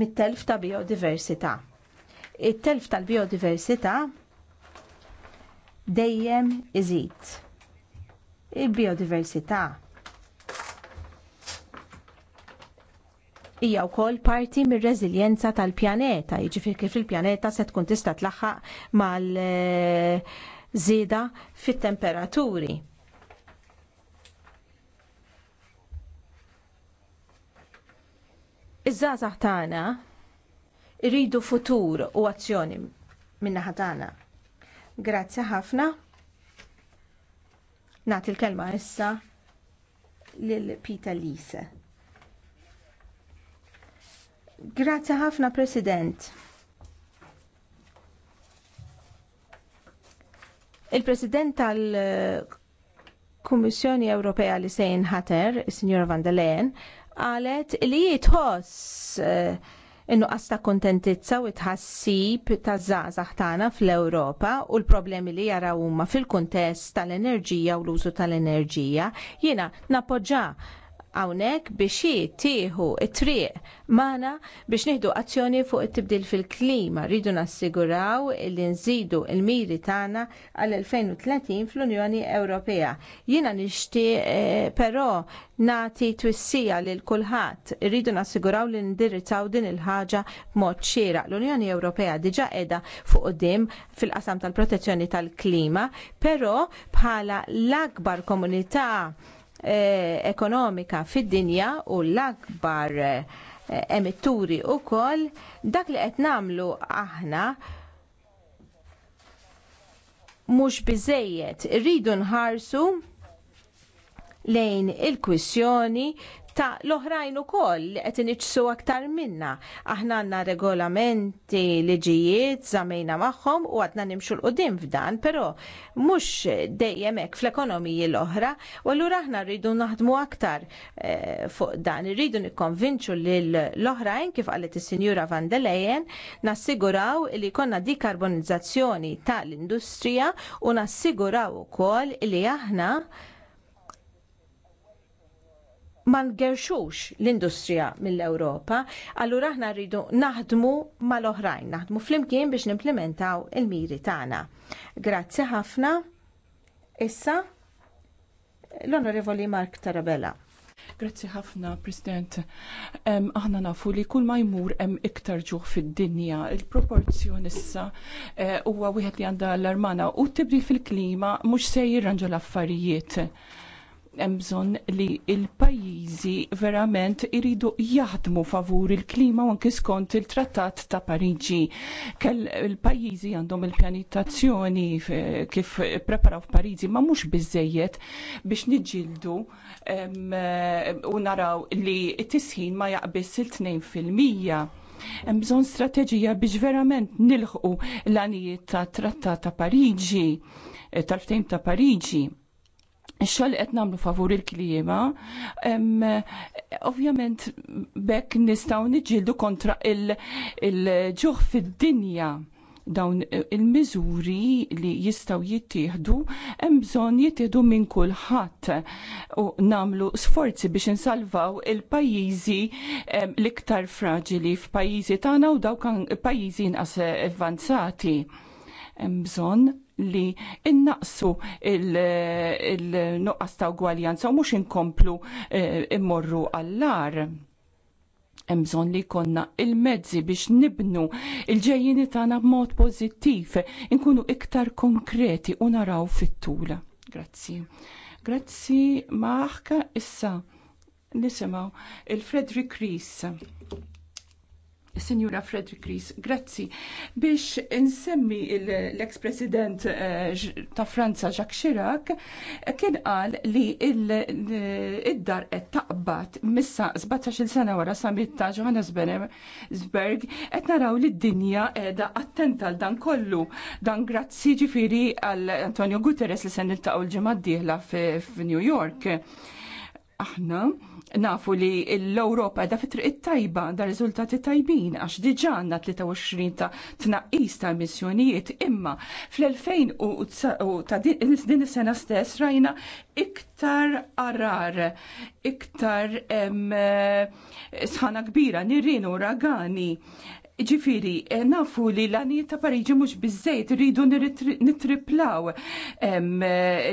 mit-telf ta' biodiversità. It-telf tal-biodiversità dejjem iżid. Il-biodiversità hija wkoll parti mir-reżiljenza tal-pjaneta, jiġifieri kif il-pjaneta se tkun tista' tlaħħaq mal-żieda fit-temperaturi. Iż-żgħażagħ tagħna iridu futur u azzjoni min-naħa tagħna. Grazzi ħafna. Nagħti l-kelma issa lil Pita Lise. Grazzi ħafna President. Il-President tal-Kummissjoni Ewropea li se jinħater, il-Signor van der Leyen, qalet li jitħoss eh, innu għasta ta' kontentizza u tħassib ta' zazax tagħna fl-Ewropa u l-problemi li jara huma fil-kuntest tal-enerġija u l-użu tal-enerġija, jiena napoġġa hawnhekk biex jittieħu it-triq magħna biex nieħdu azzjoni fuq it-tibdil fil-klima. Rridu nassiguraw li nżidu l-miri tagħna għal 2030 fl-Unjoni Ewropea. Jiena nixtieq eh, però nagħti twissija lil kulħadd. Rridu nassiguraw li ndirizzaw din il-ħaġa b'mod xieraq. L-Unjoni Ewropea diġà qiegħda fuq qudiem fil-qasam tal-protezzjoni tal-klima, però bħala l-akbar komunità Eh, ekonomika fid-dinja u l-akbar eh, emitturi wkoll dak li qed nagħmlu aħna mhux biżejjed irridu nħarsu lejn il-kwissjoni ta' l-oħrajn ukoll li qed iniġsu aktar minna. Aħna għandna regolamenti, liġijiet żamejna magħhom u għadna nimxu l-qudiem f'dan, però mhux dejjem hekk fl-ekonomiji l-oħra, u allura aħna rridu naħdmu aktar eh, fuq dan, irridu nikkonvinċu lil l-oħrajn kif qalet is-Sinjura Van der Leyen nassiguraw li konna ta' tal-industrija u nassiguraw ukoll li aħna ma ngerxux l-industrija mill-Ewropa, allura aħna rridu naħdmu mal-oħrajn, naħdmu flimkien biex nimplementaw il-miri tagħna. Grazzi ħafna. Issa l-Onorevoli Mark Tarabella. Grazzi ħafna, President. aħna nafu li kull ma jmur hemm iktar ġuħ fid-dinja. Il-proporzjon issa eh, huwa wieħed li għandha l-armana u tibri fil-klima mhux se jirranġa l-affarijiet hemm bżonn li l-pajjiżi verament iridu jaħdmu favur il-klima u anke skont il-Trattat ta' Pariġi. Kell il-pajjiżi għandhom il-pjanitazzjoni kif preparaw f'Pariġi ma mhux biżejjed biex niġġieldu u naraw li t-tisħin ma jaqbis il-2 hemm bżonn strateġija biex verament nilħqu l għanijiet ta' Trattat ta' Pariġi, eh, tal-ftejm ta' Pariġi xogħol qed nagħmlu favur il-kliema, ovvjament bekk nistgħu niġġieldu kontra il-ġuħ il fid-dinja dawn il-miżuri li jistaw jittieħdu hemm bżonn jittieħdu minn kulħadd u namlu sforzi biex insalvaw il-pajjiżi l-iktar fraġili f'pajjiżi tagħna u dawk pajjiżi inqas avvanzati. Hemm bżonn li innaqsu il-nuqqas ta' ugwaljanza u mhux inkomplu eh, immorru għallar. Hemm li jkollna il-mezzi biex nibnu il-ġejjini tagħna b'mod pożittiv, inkunu iktar konkreti u naraw fit-tula. Grazzi. Grazzi maħka issa nisimgħu il-Frederick Rees. Signora Frederick Ries, grazzi. Biex insemmi l-ex-president eh, ta' Franza Jacques Chirac, kien qal li id-dar qed taqbad missa 17 sena wara sa'mit ta' Johannesburg qed naraw li d-dinja qiegħda attenta l dan kollu. Dan grazzi ġifieri għal Antonio Guterres li se niltaqgħu l-ġimgħa d-dieħla f'New York aħna nafu li l-Ewropa da fit triq tajba da riżultati tajbin għax diġà għandna 23 ta' tnaqqis ta' emissjonijiet imma fl-2000 u ta' din is-sena stess rajna iktar arar, iktar sħana kbira, nirrinu, uragani, Ġifiri, eh, nafu li l-għaniet ta' Pariġi mux bizzejt rridu nitriplaw eh,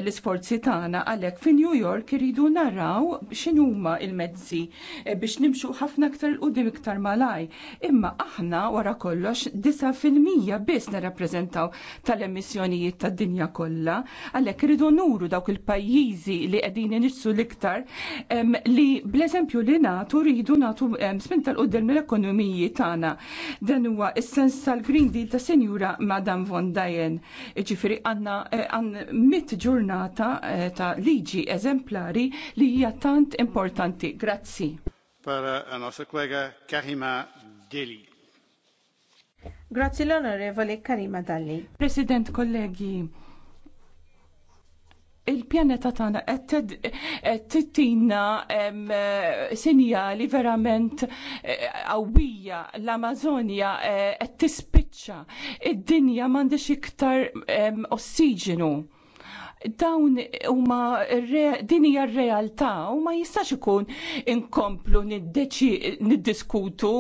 l-sforzi tagħna għalhekk fi New York rridu naraw x'inhuma il-mezzi eh, biex nimxu ħafna l-qudim iktar malaj. Imma aħna wara kollox 9% biss nirrappreżentaw tal-emissjonijiet tad-dinja kollha, għalhekk irridu nuru dawk il-pajjiżi li qegħdin nissu l-iktar li bl-eżempju li nagħtu rridu nagħtu spinta l-qudiem mill-ekonomiji tagħna Dan huwa is-sens tal-Green Deal ta' Senjura Madam von Dayen. Ġifieri għandna eh, għan mit ġurnata eh, ta' liġi eżemplari li hija tant importanti. Grazzi. Per eh, nostra kollega Karima Deli. Grazzi l-onorevoli Karima Dalli. President kollegi, il-pjaneta tagħna qed tittina eh, sinjali verament eh, qawwija l-Amazonja eh, qed tispiċċa id-dinja m'għandix iktar ossiġenu dawn huma din hija r-realtà u ma jistax ikun inkomplu niddiskutu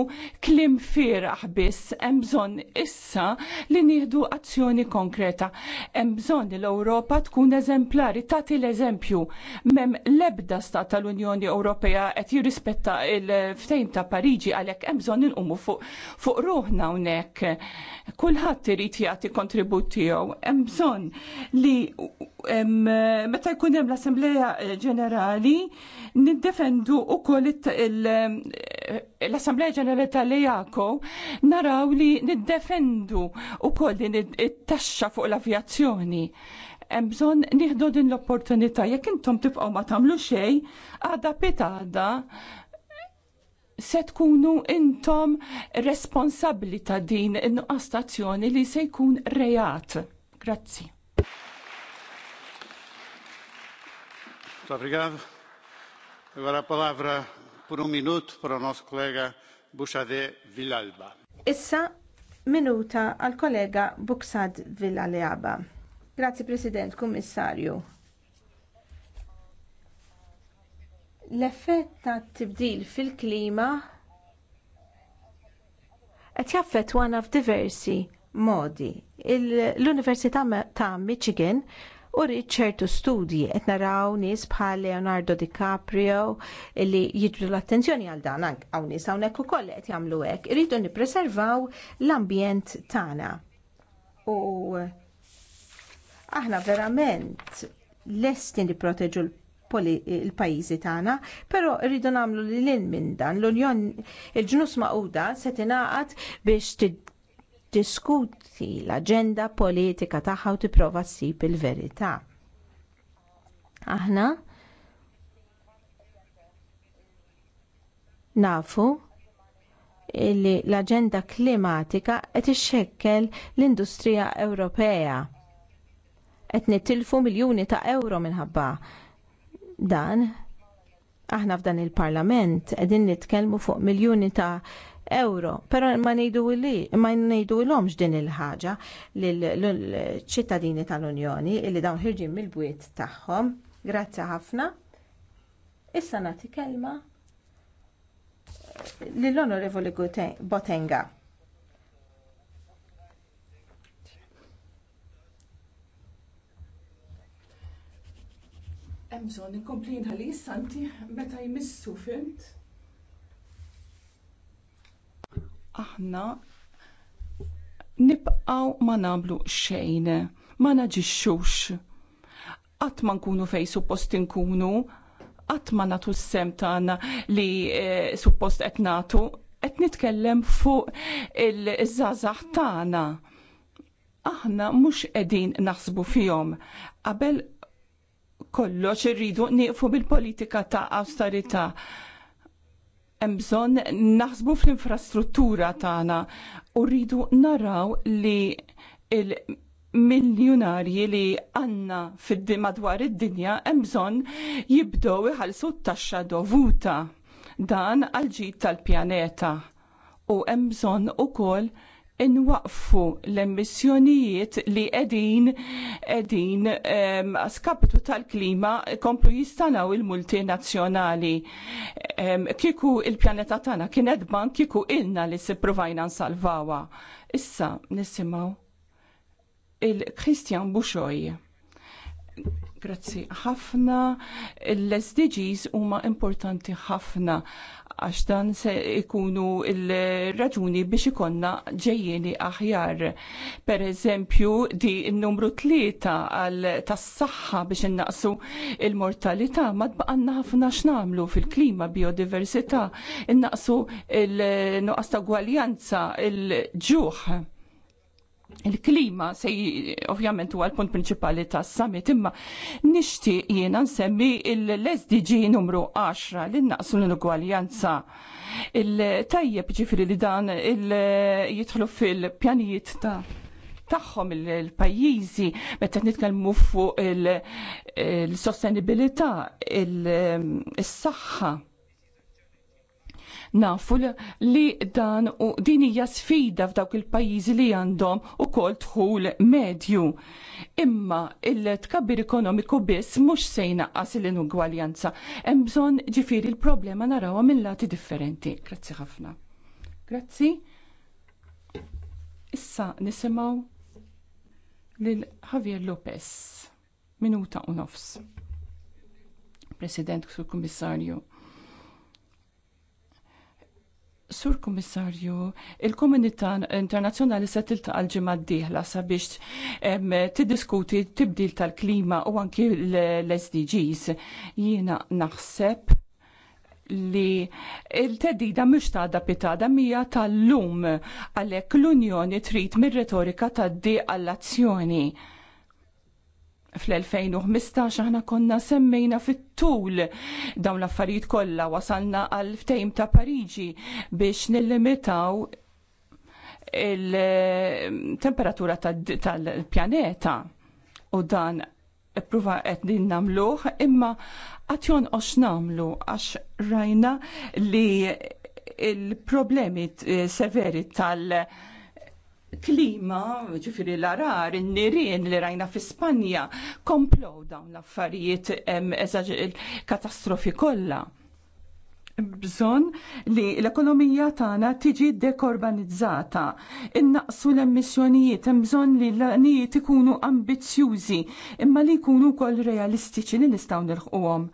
klim firaħ biss hemm bżonn issa li nieħdu azzjoni konkreta. Hemm bżonn li l-Ewropa tkun eżemplari tagħti l-eżempju m'hemm l-ebda stat tal-Unjoni Ewropea qed jirrispetta il-ftejn ta' Pariġi għalhekk hemm bżonn inqumu fuq fuq ruħna hawnhekk. Kulħadd irid jagħti kontribut tiegħu. Hemm bżonn li meta jkun hemm l-Assembleja Ġenerali niddefendu wkoll l-Assembleja Ġenerali tal lejako naraw li niddefendu wkoll din it-taxxa fuq l-avjazzjoni hemm bżonn nieħdu din l-opportunità jekk intom tibqgħu ma tagħmlu xejn, għada pitada se tkunu intom responsabbli ta' din in-nuqqas li se jkun rejat. Grazzi. Muito Obrigado. Agora a palavra por um minuto para o nosso colega Buxadé Vilalba. Essa minuta ao colega Buxad Villaleaba. Grazie Presidente, Kummissarju. L-effett ta' tibdil fil-klima qed jaffettwana f'diversi modi. L-Università ta' Michigan u ċertu studji qed naraw nies bħal Leonardo DiCaprio li jidru l-attenzjoni għal dan hawn nies hawnhekk ukoll qed jagħmlu hekk. Irridu nippreservaw l-ambjent tagħna. U aħna verament lesti nipproteġu l il tagħna, però rridu nagħmlu lil minn dan l-Unjon il-ġnus maquda se tingħaqad biex tiddiskuti l-aġenda politika tagħha u tipprova ssib il-verità. Aħna nafu li l-aġenda klimatika qed ixxekkel l-industrija Ewropea. Qed nittilfu miljuni ta' euro minħabba dan aħna f'dan il-Parlament qegħdin nitkellmu fuq miljuni ta' euro. Pero ma nejdu li, ma nejdu l-omx din il-ħaġa l-ċittadini tal-Unjoni illi dawn ħirġin mill-bwiet tagħhom. Grazzi ħafna. Issa nagħti kelma lill-Onorevoli Botenga. Emżon, bżonn inkompli santi, meta jmissu fint aħna nibqaw ma nagħmlu xejn, ma naġixxux. Qatt ma nkunu fejn suppost inkunu, qatt ma nagħtu s-sem tagħna li e, suppost qed nagħtu, qed nitkellem fuq il-żgħażagħ tagħna. Aħna mhux qegħdin naħsbu fihom. Qabel kollox irridu nieqfu bil-politika ta' awsterità hemm bżonn naħsbu fl-infrastruttura tagħna u rridu naraw li il miljonarji li għanna fid madwar id-dinja hemm bżonn jibdew iħallsu t-taxxa dovuta dan għal ġid tal-pjaneta u hemm bżonn ukoll inwaqfu l-emissjonijiet li edin edin skapitu tal-klima komplu jistanaw il-multinazzjonali. kiku il-pjaneta tana kien edban kiku ilna li s-provajna nsalvawa. Issa nisimaw il-Kristjan Buxoj. Grazzi ħafna. L-SDGs huma importanti ħafna għax dan se ikunu il-raġuni biex ikonna ġejjeni aħjar. Per eżempju, di n-numru tlieta tas-saħħa biex innaqsu il-mortalità ma tbaqanna ħafna x'namlu fil-klima, biodiversità, innaqsu il-nuqqas ta' gwaljanza, il-ġuħ il-klima se ovvjament huwa l-punt prinċipali tas summit imma nixtieq jiena nsemmi l-SDG numru 10 li naqsu l-inugwaljanza il-tajjeb ġifiri li dan jidħlu fil-pjanijiet ta' tagħhom il-pajjiżi meta nitkellmu fuq il-sostenibilità, il-saħħa. il sostenibilità il saħħa il il saħħa Nafu li dan u din hija sfida f'dawk il-pajjiżi li għandhom ukoll dħul medju. Imma il-tkabbir ekonomiku biss mhux se jnaqqas l-inugwaljanza. Hemm bżonn ġifieri l-problema narawha minn lati differenti. Grazzi ħafna. Grazzi. Issa nisimgħu lil Javier Lopez. Minuta u nofs. President sul Kummissarju Sur Kummissarju, il-Komunità Internazzjonali se tiltaq għal-ġimgħa d-dieħla sabiex tiddiskuti tibdil tal-klima u anki l-SDGs. Jiena naħseb li il-tedida mux ta' pitada mija tal-lum għalhekk l-Unjoni trid mir-retorika tad-di għall-azzjoni fl-2015 aħna konna semmejna fit-tul dawn l-affarijiet kollha wasalna għal ftejm ta' Pariġi biex nillimitaw il-temperatura tal-pjaneta u dan pruva qed din nagħmluh imma qatt jonqos nagħmlu għax rajna li il-problemi severi tal- klima, ġifiri l-arar, n-nirien li rajna fi Spanja, komplow dawn l-affarijiet katastrofi kollha. Bżon li l-ekonomija tagħna tiġi dekorbanizzata, innaqsu l-emissjonijiet, hemm bżonn li l-anijiet ikunu ambizzjużi, imma li jkunu wkoll realistiċi li nistgħu nilħquhom.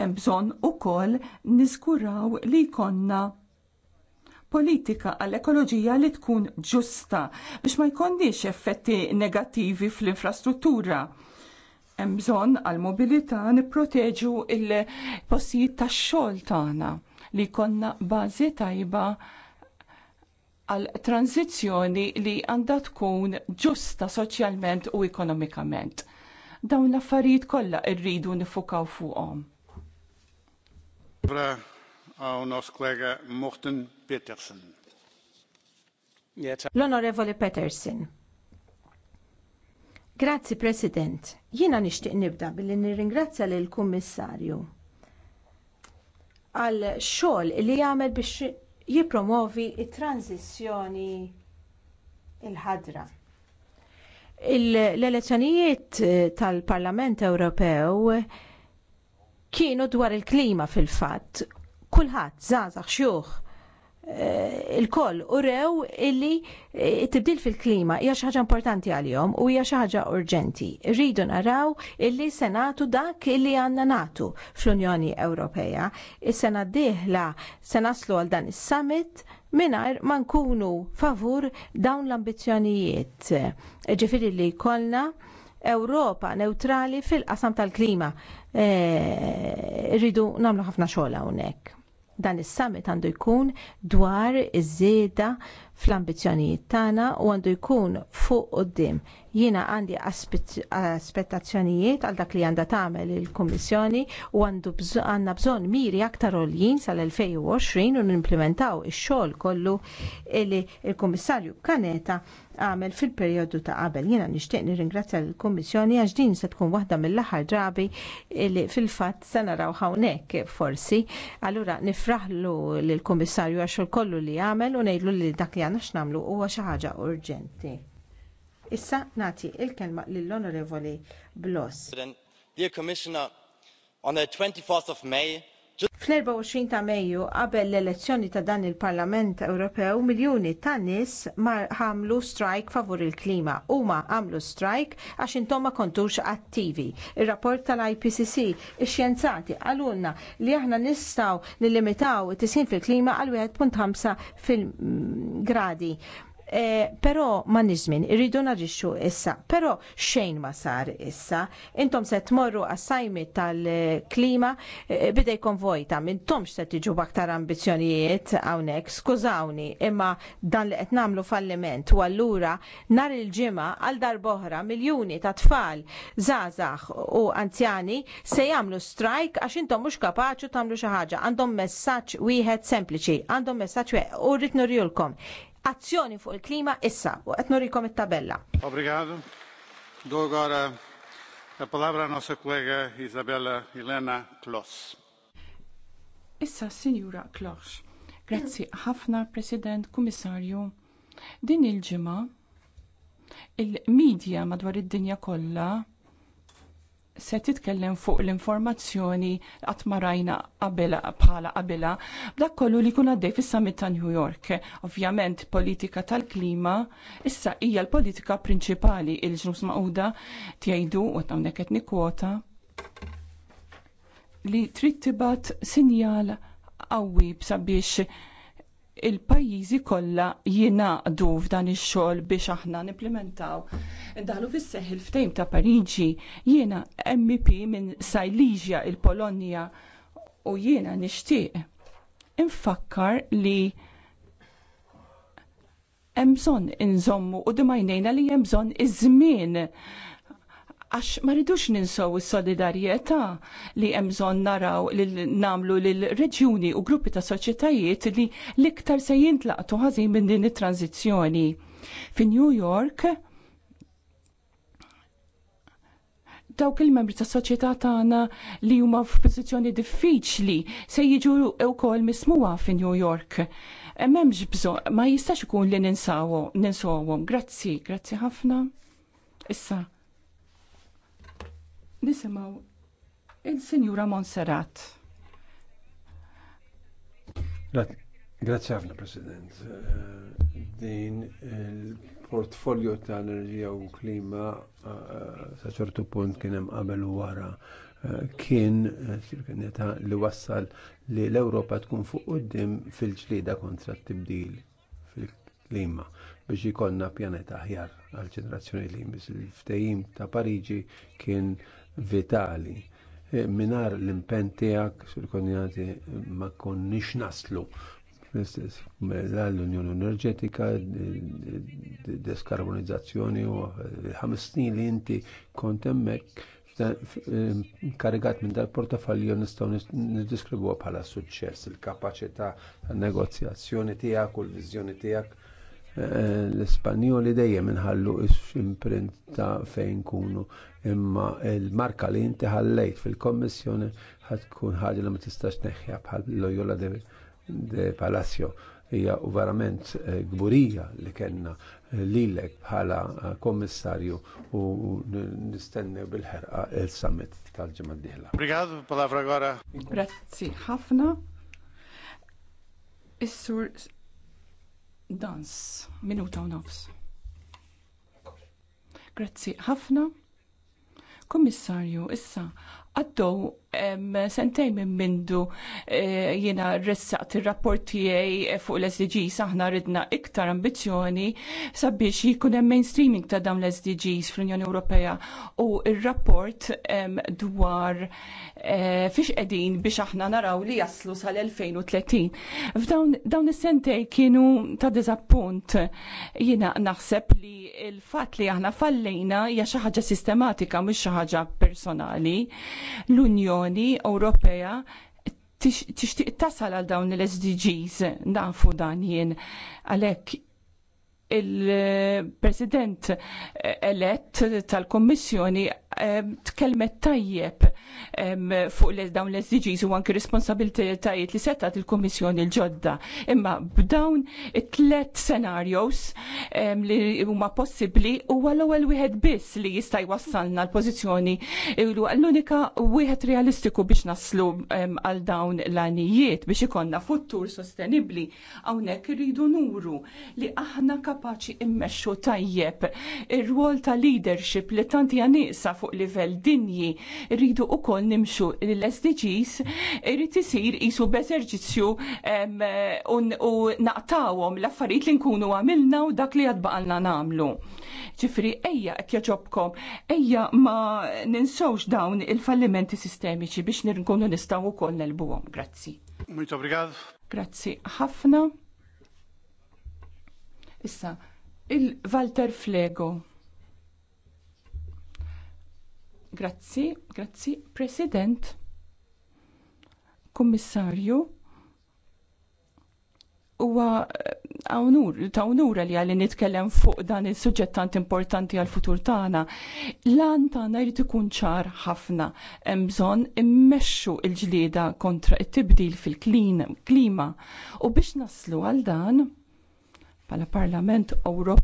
Hemm bżonn ukoll niskuraw li jkollna politika għall-ekoloġija li tkun ġusta biex ma jkondix effetti negattivi fl-infrastruttura. Hemm bżonn għall-mobilità nipproteġu l postijiet tax-xogħol tagħna li jkollna bażi tajba għal tranzizzjoni li għandha tkun ġusta soċjalment u ekonomikament. Dawn l-affarijiet kollha rridu nifukaw fuqhom. L-Onorevoli Peterson. Grazzi President. Jiena nixtieq nibda billi nirringrazzja lill kummissarju għal xogħol li jagħmel biex jippromovi t transizzjoni il-ħadra. L-elezzjonijiet tal-Parlament Ewropew kienu dwar il-klima fil-fatt kulħadd żgħażagħ xjuħ eh, il-koll u rew illi eh, tibdil fil-klima hija xi ħaġa importanti għalihom u hija xi ħaġa urġenti. Rridu naraw illi se nagħtu dak illi għandna nagħtu fl-Unjoni Ewropea. Is-sena d-dieħla se naslu għal dan is-summit mingħajr ma nkunu favur dawn l-ambizzjonijiet. Eh, ġifieri li jkollna Ewropa neutrali fil-qasam tal-klima. Rridu nagħmlu ħafna xogħol hawnhekk. Dan is-summit għandu jkun dwar iż-żieda fl-ambizzjonijiet tagħna u għandu jkun fuq quddiem. Jiena għandi aspettazzjonijiet għal dak li għandha tagħmel il-Kummissjoni u għandu għandna bżonn miri aktar għoljin sal-2020 u nimplementaw ix-xogħol kollu li l kummissarju Kaneta għamel fil-perjodu ta' qabel. Jiena nixtieq nirringrazzja l-Kummissjoni għax din se tkun waħda mill-aħħar drabi li fil-fatt se naraw hawnhekk forsi. Allura nifraħlu lill-Kummissarju għax kollu li għamel u ngħidlu li dak li li nagħmlu x'namlu huwa xi ħaġa urġenti. Issa nagħti l kelma lill-Onorevoli Bloss. Dear Commissioner, on the 24th of May, Fl-24 ta' Mejju qabel l-elezzjoni ta' dan il-Parlament Ewropew miljuni ta' nies ħamlu strajk favur il-klima. Huma għamlu strajk għax intom ma kontux attivi. Ir-rapport tal-IPCC ix-xjenzati għalulna li aħna nistgħu nillimitaw it-tisin fil-klima għal 1.5 fil-gradi. Mm, Eh, però ma nizmin, irridu naġixxu issa. Però xejn ma sar issa. Intom se tmorru għassajmi tal-klima eh, bidej konvoj ta' mintomx se tiġu baktar ambizzjonijiet hawnhekk. Skużawni, imma dan li qed nagħmlu falliment u allura nhar il-ġimgħa għal darb'oħra miljuni ta' tfal zazax u anzjani se jagħmlu strajk għax intom mhux kapaċi tagħmlu xi ħaġa. Għandhom messaġġ wieħed sempliċi, għandhom messaġġ u rrid nurjulkom azzjoni fuq il-klima issa u qed nurikom it-tabella. Obrigado. Dogora la palabra nostra kollega Isabella Elena Kloss. Issa signora Kloss. Grazzi ħafna President Kummissarju. Din il-ġimgħa il-medja madwar id-dinja kollha se titkellem fuq l-informazzjoni qatt ma rajna qabela bħala qabela b'dak kollu li jkun għaddej fis-summit ta' New York. Ovvjament politika tal-klima issa hija l-politika prinċipali il ġnus maquda tgħidu u hawnhekk qed nikkwota li trid tibgħat sinjal qawwi sabiex il-pajjiżi kollha jingħaqdu f'dan ix-xogħol biex aħna nimplementaw. Daħlu fis-seħħ il-ftejm ta' Pariġi jiena MEP minn Sajlija il-Polonja u jiena nixtieq infakkar li hemm bżonn inżommu u dimajnejna li hemm bżonn iż-żmien għax ma ridux ninsow is-solidarjetà li hemm bżonn naraw li namlu lil reġjuni u gruppi ta' soċjetajiet li l-iktar se jintlaqtu ħażin minn din it-tranzizzjoni. Fi New York dawk il-membri ta' soċjetà tagħna li huma f'pożizzjoni diffiċli se jiġu wkoll mismuha fi New York. M'hemmx bżonn ma jistax ikun li ninsawhom. Grazzi, grazzi ħafna. Issa, nisimaw il-Sinjura Monserrat. Grazie ħafna, President. Eh, din il-portfolio ta' enerġija u klima eh, sa' ċertu punt kien hemm qabel u wara eh, kien xirkineta li wassal li l-Ewropa tkun fuq qudiem fil ġlieda kontra t-tibdil fil-klima biex jikonna pjaneta aħjar għal ġenerazzjoni li jmiss il-ftehim ta' Parigi kien vitali. E, minar l-impen tiegħek sur-konjati ma konniex naslu l-istess mela l-Unjoni Enerġetika, deskarbonizzazzjoni u ħames snin li inti kont hemmhekk karigat minn dal-portafallju nistgħu niddeskribuha bħala suċċess, il-kapaċità tan-negozjazzjoni tiegħek u l-viżjoni tiegħek l-Ispanjoli dejjem inħallu x-imprint ta' fejn kunu imma il marka li inti ħallejt fil-kommissjoni ħatkun ħaġa li ma tistax neħja bħal Loyola de Palacio hija verament eh, gburija li kellna eh, lilek bħala eh, kommissarju u nistenni bil-ħerqa il-summit tal ġemad diħla. Brigad, palavra għara. Grazzi ħafna. Is-sur Dans, minuta u nofs. Grazzi ħafna. Kommissarju, issa għaddew sentej minn mindu eh, jina ressaqt il-rapport tiegħi eh, fuq l-SDGs aħna ridna iktar ambizzjoni sabiex jikun hemm mainstreaming ta' dawn l-SDGs fl-Unjoni Ewropea u il rapport dwar eh, fiex qegħdin biex aħna naraw li jaslu sal-2030. F'dawn dawn is-sentej kienu ta' diżappunt jina naħseb li il-fatt li aħna fallejna hija xi ħaġa sistematika mhux xi ħaġa personali. L-Unjoni l-Unjoni Ewropea tixtieq tasal għal dawn l-SDGs nafu dan jien għalhekk il-President elett tal-Kommissjoni tkellmet tajjeb fuq dawn l-SDGs u anki tajjeb li setta il kommissjoni l-ġodda. Imma b'dawn it-tlet scenarios li huma possibbli huwa l-ewwel wieħed biss li jista' jwassalna l-pożizzjoni l-unika wieħed realistiku biex naslu għal dawn l għanijiet biex ikonna futur sostenibli hawnhekk irridu nuru li aħna kapaċi immexxu tajjeb ir-rwol ta' leadership li tanti għanisa fuq fuq livell dinji. Rridu koll nimxu l-SDGs irrid isir jisu b'eżerġizzju u naqtawhom l-affarijiet li nkunu għamilna u dak li għadbaqalna nagħmlu. Ġifri ejja qed ejja ma ninsawx dawn il-fallimenti sistemiċi biex nkunu nistgħu wkoll nelbuhom. Grazzi. Muito obrigado. Grazzi ħafna. Issa, il-Walter Flego. Grazzi, grazzi, President, Kummissarju, huwa għawnur, eh, ta' unura li għalli nitkellem fuq dan il-sujġett tant importanti għal futur tagħna. Lan tagħna jrid ikun ċar ħafna. Hemm bżonn immexxu l-ġlieda kontra t-tibdil fil-klima. U biex naslu għal dan, bħala Parlament Ewropa.